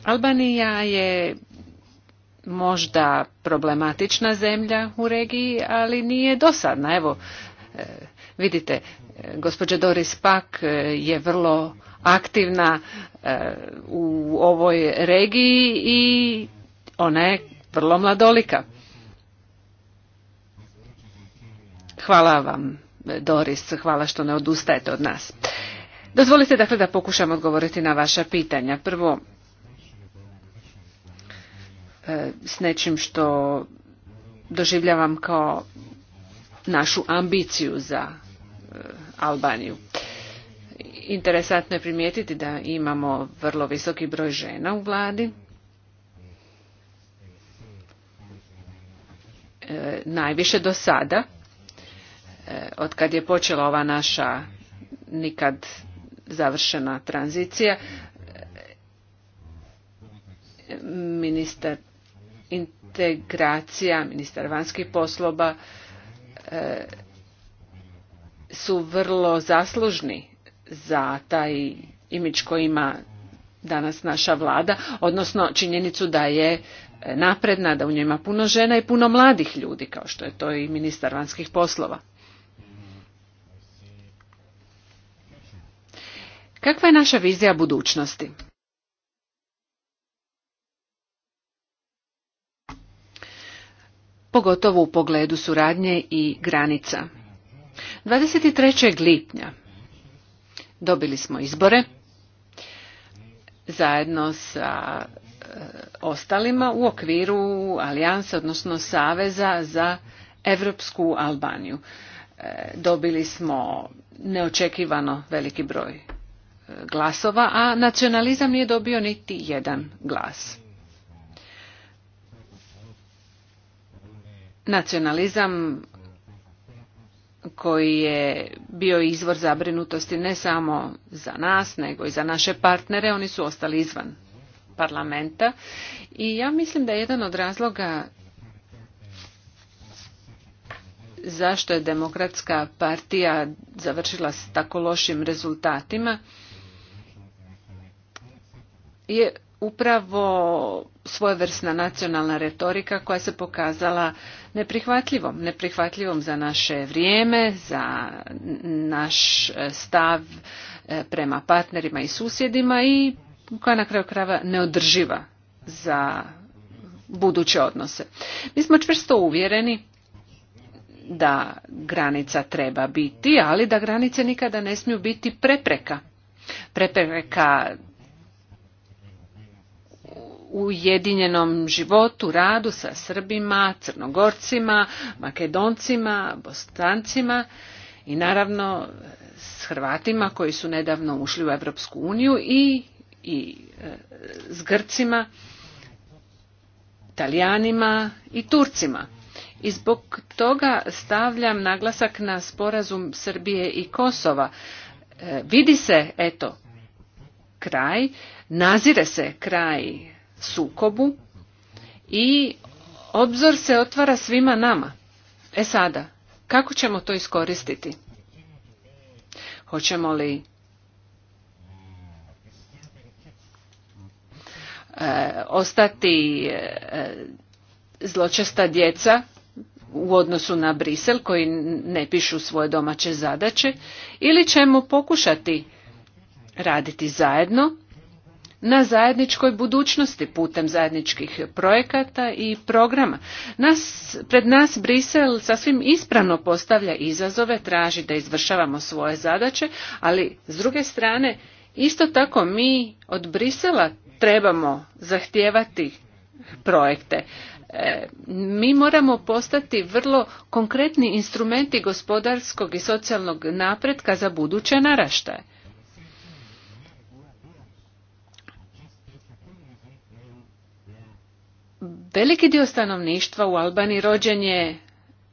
Albanija je možda problematična zemlja u regiji, ali nije dosadna. Evo, e, vidite, e, gospođa Doris Pak e, je vrlo aktivna u ovoj regiji i ona je vrlo mladolika. Hvala vam, Doris, hvala što ne odustajete od nas. Dozvolite dakle da pokušam odgovoriti na vaša pitanja. Prvo, E, s nečim što doživljavam kao našu ambiciju za e, Albaniju. Interesantno je primijetiti da imamo vrlo visoki broj žena u vladi. E, najviše do sada, od kad je počela ova naša nikad završena tranzicija, ministar integracija ministar vanjskih poslova e, su vrlo zaslužni za taj imidž koji ima danas naša vlada, odnosno činjenicu da je napredna, da u njoj ima puno žena i puno mladih ljudi, kao što je to i ministar vanjskih poslova. Kakva je naša vizija budućnosti? pogotovo u pogledu suradnje i granica. 23. lipnja dobili smo izbore zajedno sa e, ostalima u okviru Alijansa, odnosno Saveza za Evropsku Albaniju. E, dobili smo neočekivano veliki broj e, glasova, a nacionalizam nije dobio niti jedan glas. nacionalizam koji je bio izvor zabrinutosti ne samo za nas, nego i za naše partnere, oni su ostali izvan parlamenta. I ja mislim da je jedan od razloga zašto je demokratska partija završila s tako lošim rezultatima je upravo svojevrsna nacionalna retorika koja se pokazala neprihvatljivom. Neprihvatljivom za naše vrijeme, za naš e, stav e, prema partnerima i susjedima i koja na kraju krava neodrživa za buduće odnose. Mi smo čvrsto uvjereni da granica treba biti, ali da granice nikada ne smiju biti prepreka. Prepreka ujedinjenom životu, radu sa Srbima, Crnogorcima, Makedoncima, Bostancima i naravno s Hrvatima koji su nedavno ušli u Europsku uniju i, e, s Grcima, Italijanima i Turcima. I zbog toga stavljam naglasak na sporazum Srbije i Kosova. E, vidi se, eto, kraj, nazire se kraj sukobu i obzor se otvara svima nama. E sada, kako ćemo to iskoristiti? Hoćemo li e, ostati e, zločesta djeca u odnosu na Brisel koji ne pišu svoje domaće zadaće ili ćemo pokušati raditi zajedno na zajedničkoj budućnosti putem zajedničkih projekata i programa. Nas, pred nas Brisel sasvim ispravno postavlja izazove, traži da izvršavamo svoje zadaće, ali s druge strane isto tako mi od Brisela trebamo zahtijevati projekte. E, mi moramo postati vrlo konkretni instrumenti gospodarskog i socijalnog napretka za buduće naraštaje. veliki dio stanovništva u Albaniji rođen je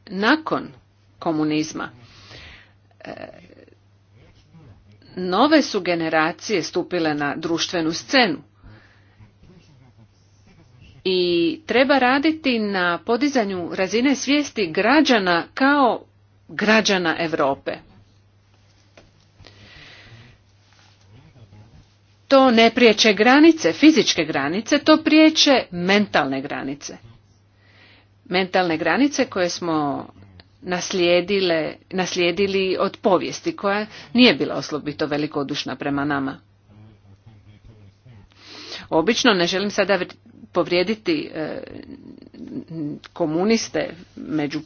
nakon komunizma. E, nove su generacije stupile na društvenu scenu i treba raditi na podizanju razine svijesti građana kao građana Europe. to ne priječe granice, fizičke granice, to priječe mentalne granice. Mentalne granice koje smo naslijedile, naslijedili od povijesti koja nije bila oslobito velikodušna prema nama. Obično ne želim sada povrijediti e, komuniste među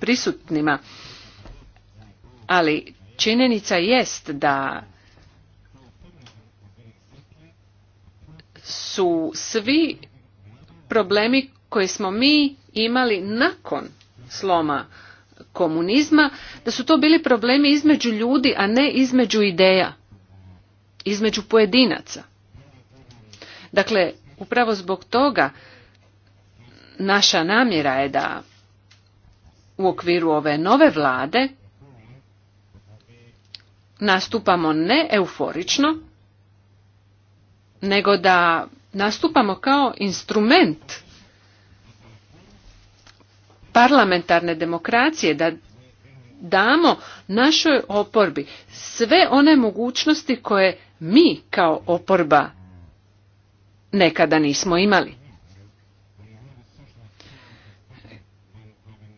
prisutnima, ali činjenica jest da su svi problemi koje smo mi imali nakon sloma komunizma, da su to bili problemi između ljudi, a ne između ideja, između pojedinaca. Dakle, upravo zbog toga naša namjera je da u okviru ove nove vlade nastupamo ne euforično, nego da nastupamo kao instrument parlamentarne demokracije, da damo našoj oporbi sve one mogućnosti koje mi kao oporba nekada nismo imali.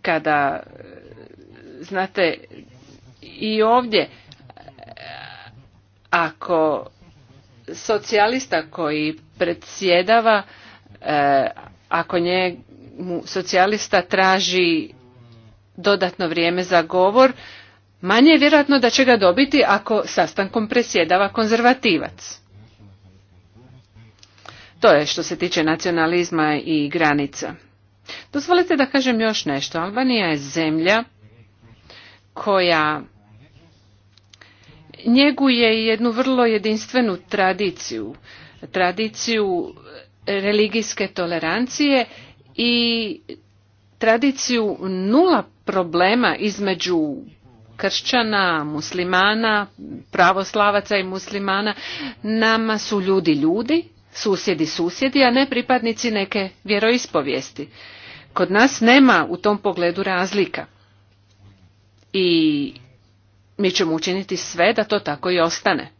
Kada, znate, i ovdje, ako socijalista koji predsjedava, e, ako njemu socijalista traži dodatno vrijeme za govor, manje je vjerojatno da će ga dobiti ako sastankom predsjedava konzervativac. To je što se tiče nacionalizma i granica. Dozvolite da kažem još nešto. Albanija je zemlja koja njeguje jednu vrlo jedinstvenu tradiciju, tradiciju religijske tolerancije i tradiciju nula problema između kršćana, muslimana, pravoslavaca i muslimana. Nama su ljudi ljudi, susjedi susjedi, a ne pripadnici neke vjeroispovijesti. Kod nas nema u tom pogledu razlika. I mi ćemo učiniti sve da to tako i ostane.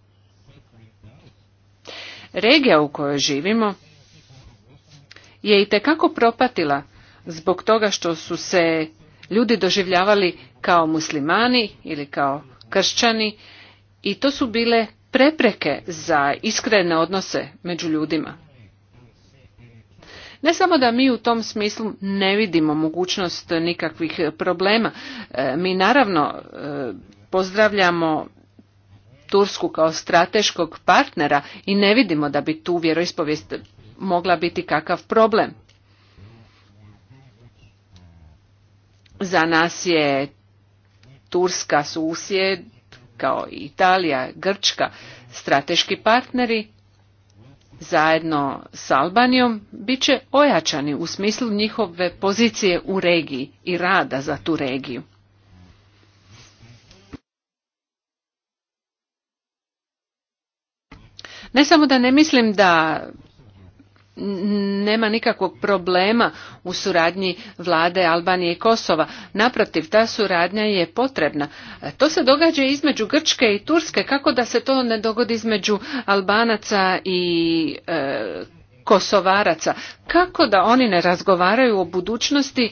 Regija u kojoj živimo je i tekako propatila zbog toga što su se ljudi doživljavali kao muslimani ili kao kršćani i to su bile prepreke za iskrene odnose među ljudima. Ne samo da mi u tom smislu ne vidimo mogućnost nikakvih problema, e, mi naravno e, pozdravljamo Tursku kao strateškog partnera i ne vidimo da bi tu vjeroispovijest mogla biti kakav problem. Za nas je Turska susjed kao i Italija, Grčka, strateški partneri zajedno s Albanijom bit će ojačani u smislu njihove pozicije u regiji i rada za tu regiju. Ne samo da ne mislim da nema nikakvog problema u suradnji vlade Albanije i Kosova. Naprotiv, ta suradnja je potrebna. E, to se događa između Grčke i Turske, kako da se to ne dogodi između Albanaca i e, Kosovaraca. Kako da oni ne razgovaraju o budućnosti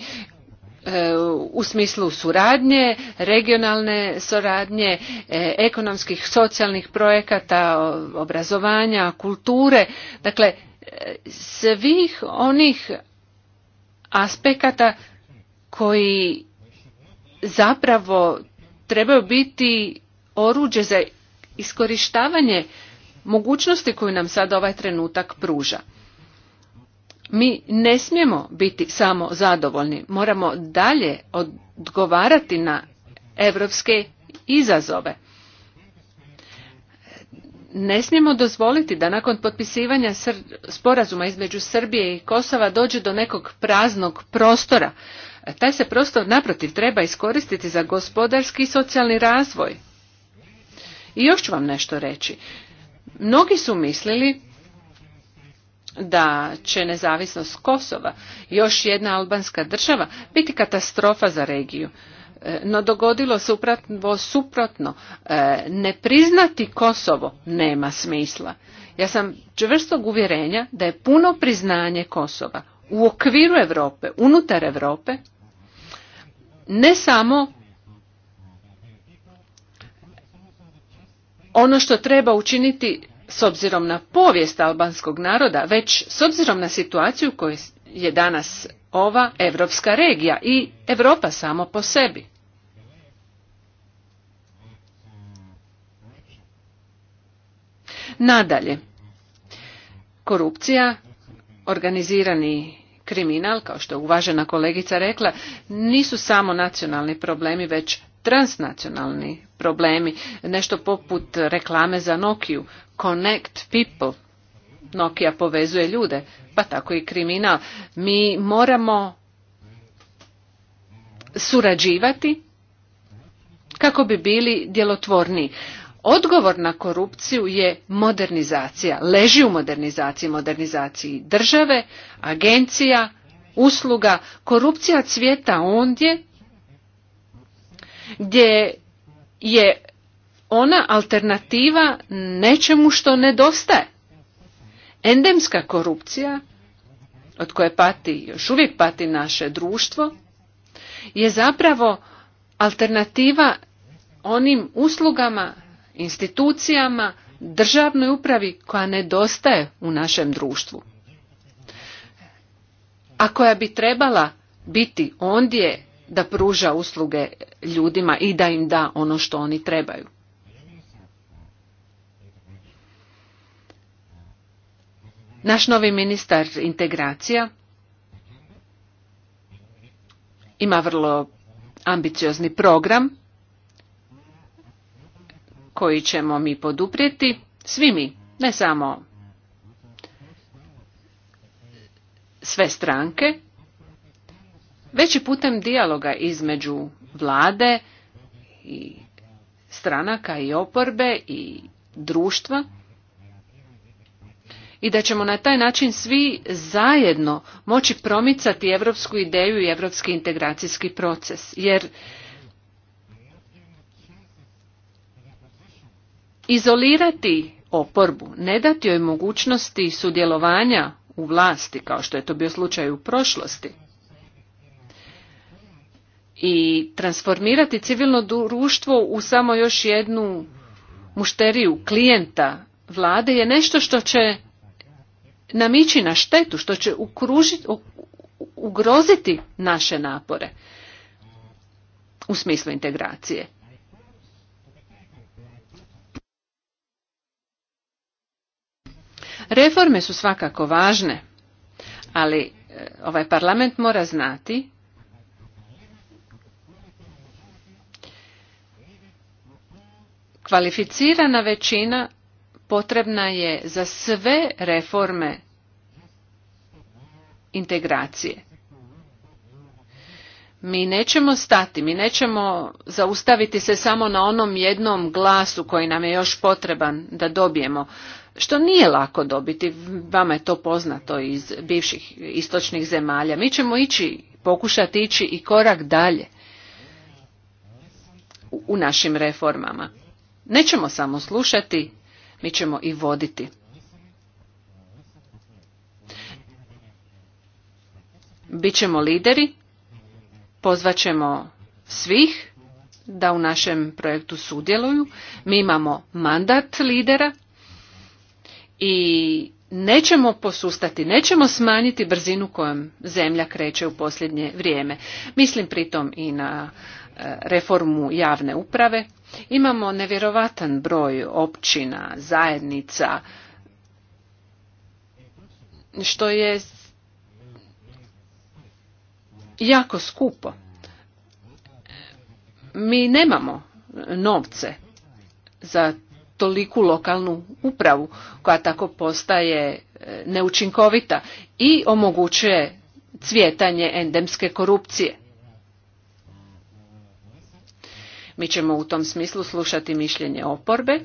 E, u smislu suradnje, regionalne suradnje, e, ekonomskih, socijalnih projekata, obrazovanja, kulture, dakle e, svih onih aspekata koji zapravo trebaju biti oruđe za iskorištavanje mogućnosti koju nam sad ovaj trenutak pruža mi ne smijemo biti samo zadovoljni, moramo dalje odgovarati na europske izazove. Ne smijemo dozvoliti da nakon potpisivanja sporazuma između Srbije i Kosova dođe do nekog praznog prostora. E, taj se prostor naprotiv treba iskoristiti za gospodarski i socijalni razvoj. I još ću vam nešto reći. Mnogi su mislili da će nezavisnost Kosova, još jedna albanska država, biti katastrofa za regiju. E, no dogodilo se upravo suprotno. E, ne priznati Kosovo nema smisla. Ja sam čvrstog uvjerenja da je puno priznanje Kosova u okviru Europe, unutar Europe, ne samo ono što treba učiniti s obzirom na povijest albanskog naroda, već s obzirom na situaciju koju je danas ova evropska regija i Europa samo po sebi. Nadalje, korupcija, organizirani kriminal, kao što je uvažena kolegica rekla, nisu samo nacionalni problemi, već transnacionalni problemi, nešto poput reklame za Nokiju, connect people, Nokia povezuje ljude, pa tako i kriminal. Mi moramo surađivati kako bi bili djelotvorni. Odgovor na korupciju je modernizacija, leži u modernizaciji, modernizaciji države, agencija, usluga. Korupcija cvjeta ondje gdje je ona alternativa nečemu što nedostaje. Endemska korupcija, od koje pati, još uvijek pati naše društvo, je zapravo alternativa onim uslugama, institucijama, državnoj upravi koja nedostaje u našem društvu. A koja bi trebala biti ondje da pruža usluge ljudima i da im da ono što oni trebaju. Naš novi ministar integracija ima vrlo ambiciozni program koji ćemo mi poduprijeti, svi mi, ne samo sve stranke, već i putem dijaloga između vlade i stranaka i oporbe i društva i da ćemo na taj način svi zajedno moći promicati europsku ideju i europski integracijski proces. Jer izolirati oporbu, ne dati joj mogućnosti sudjelovanja u vlasti, kao što je to bio slučaj u prošlosti, i transformirati civilno društvo u samo još jednu mušteriju klijenta vlade je nešto što će nam ići na štetu, što će ugroziti naše napore u smislu integracije. Reforme su svakako važne, ali e, ovaj parlament mora znati Kvalificirana većina potrebna je za sve reforme integracije. Mi nećemo stati, mi nećemo zaustaviti se samo na onom jednom glasu koji nam je još potreban da dobijemo, što nije lako dobiti, vama je to poznato iz bivših istočnih zemalja. Mi ćemo ići, pokušati ići i korak dalje u našim reformama. Nećemo samo slušati, mi ćemo i voditi. Bićemo lideri, pozvaćemo svih da u našem projektu sudjeluju. Mi imamo mandat lidera i nećemo posustati, nećemo smanjiti brzinu kojom zemlja kreće u posljednje vrijeme. Mislim pritom i na e, reformu javne uprave, Imamo nevjerovatan broj općina, zajednica, što je jako skupo. Mi nemamo novce za toliku lokalnu upravu koja tako postaje e, neučinkovita i omogućuje cvjetanje endemske korupcije. Mi ćemo u tom smislu slušati mišljenje oporbe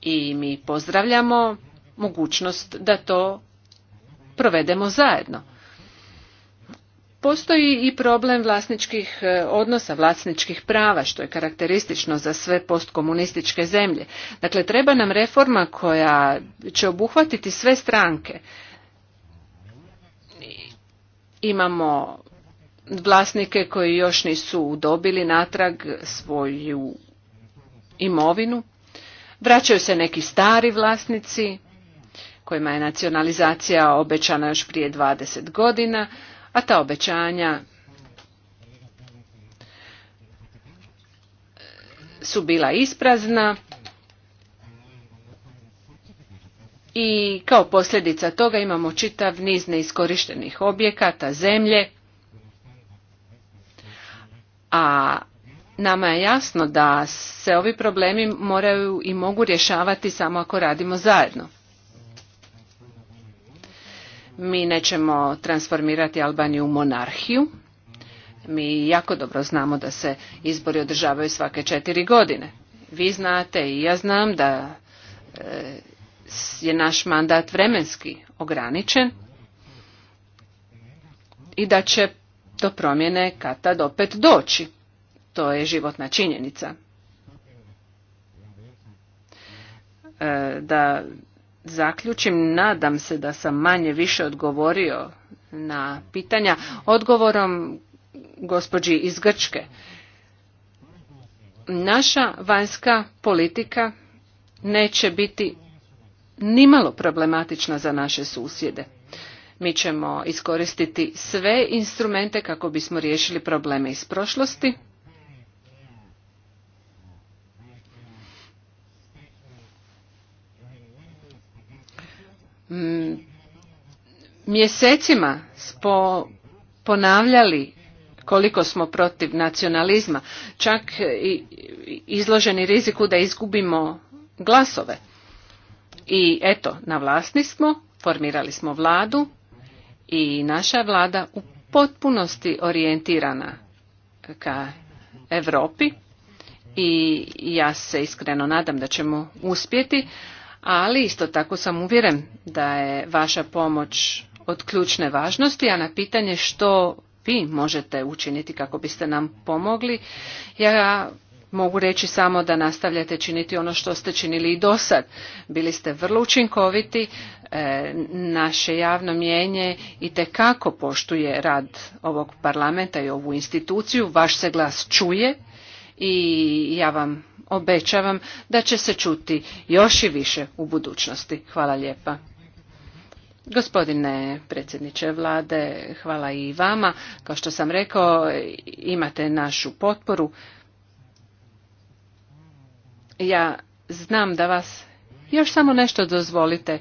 i mi pozdravljamo mogućnost da to provedemo zajedno. Postoji i problem vlasničkih e, odnosa, vlasničkih prava, što je karakteristično za sve postkomunističke zemlje. Dakle, treba nam reforma koja će obuhvatiti sve stranke. Imamo vlasnike koji još nisu dobili natrag svoju imovinu. Vraćaju se neki stari vlasnici kojima je nacionalizacija obećana još prije 20 godina, a ta obećanja su bila isprazna i kao posljedica toga imamo čitav niz neiskorištenih objekata, zemlje a nama je jasno da se ovi problemi moraju i mogu rješavati samo ako radimo zajedno. Mi nećemo transformirati Albaniju u monarhiju. Mi jako dobro znamo da se izbori održavaju svake četiri godine. Vi znate i ja znam da e, je naš mandat vremenski ograničen i da će do promjene tad opet doći. To je životna činjenica. E, da zaključim, nadam se da sam manje više odgovorio na pitanja odgovorom gospođi iz Grčke. Naša vanjska politika neće biti nimalo problematična za naše susjede. Mi ćemo iskoristiti sve instrumente kako bismo riješili probleme iz prošlosti. Mm, mjesecima smo ponavljali koliko smo protiv nacionalizma, čak i izloženi riziku da izgubimo glasove. I eto, na vlasti smo, formirali smo vladu, i naša vlada u potpunosti orijentirana ka Europi i ja se iskreno nadam da ćemo uspjeti, ali isto tako sam uvjeren da je vaša pomoć od ključne važnosti, a na pitanje što vi možete učiniti kako biste nam pomogli, ja mogu reći samo da nastavljate činiti ono što ste činili i do sad. Bili ste vrlo učinkoviti, e, naše javno mijenje i kako poštuje rad ovog parlamenta i ovu instituciju, vaš se glas čuje i ja vam obećavam da će se čuti još i više u budućnosti. Hvala lijepa. Gospodine predsjedniče vlade, hvala i vama. Kao što sam rekao, imate našu potporu. Ja znam da vas još samo nešto dozvolite.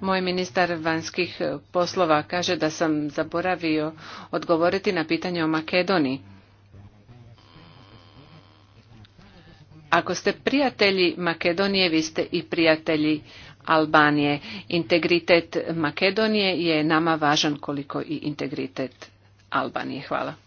Moj ministar vanjskih e, poslova kaže da sam zaboravio odgovoriti na pitanje o Makedoniji. Ako ste prijatelji Makedonije, vi ste i prijatelji Albanije. Integritet Makedonije je nama važan koliko i integritet Albanije. Hvala.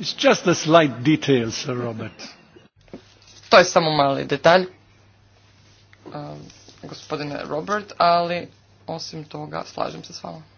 It's just a slight detail, Sir To je samo mali detalj, um, gospodine Robert, ali osim toga slažem se s vama.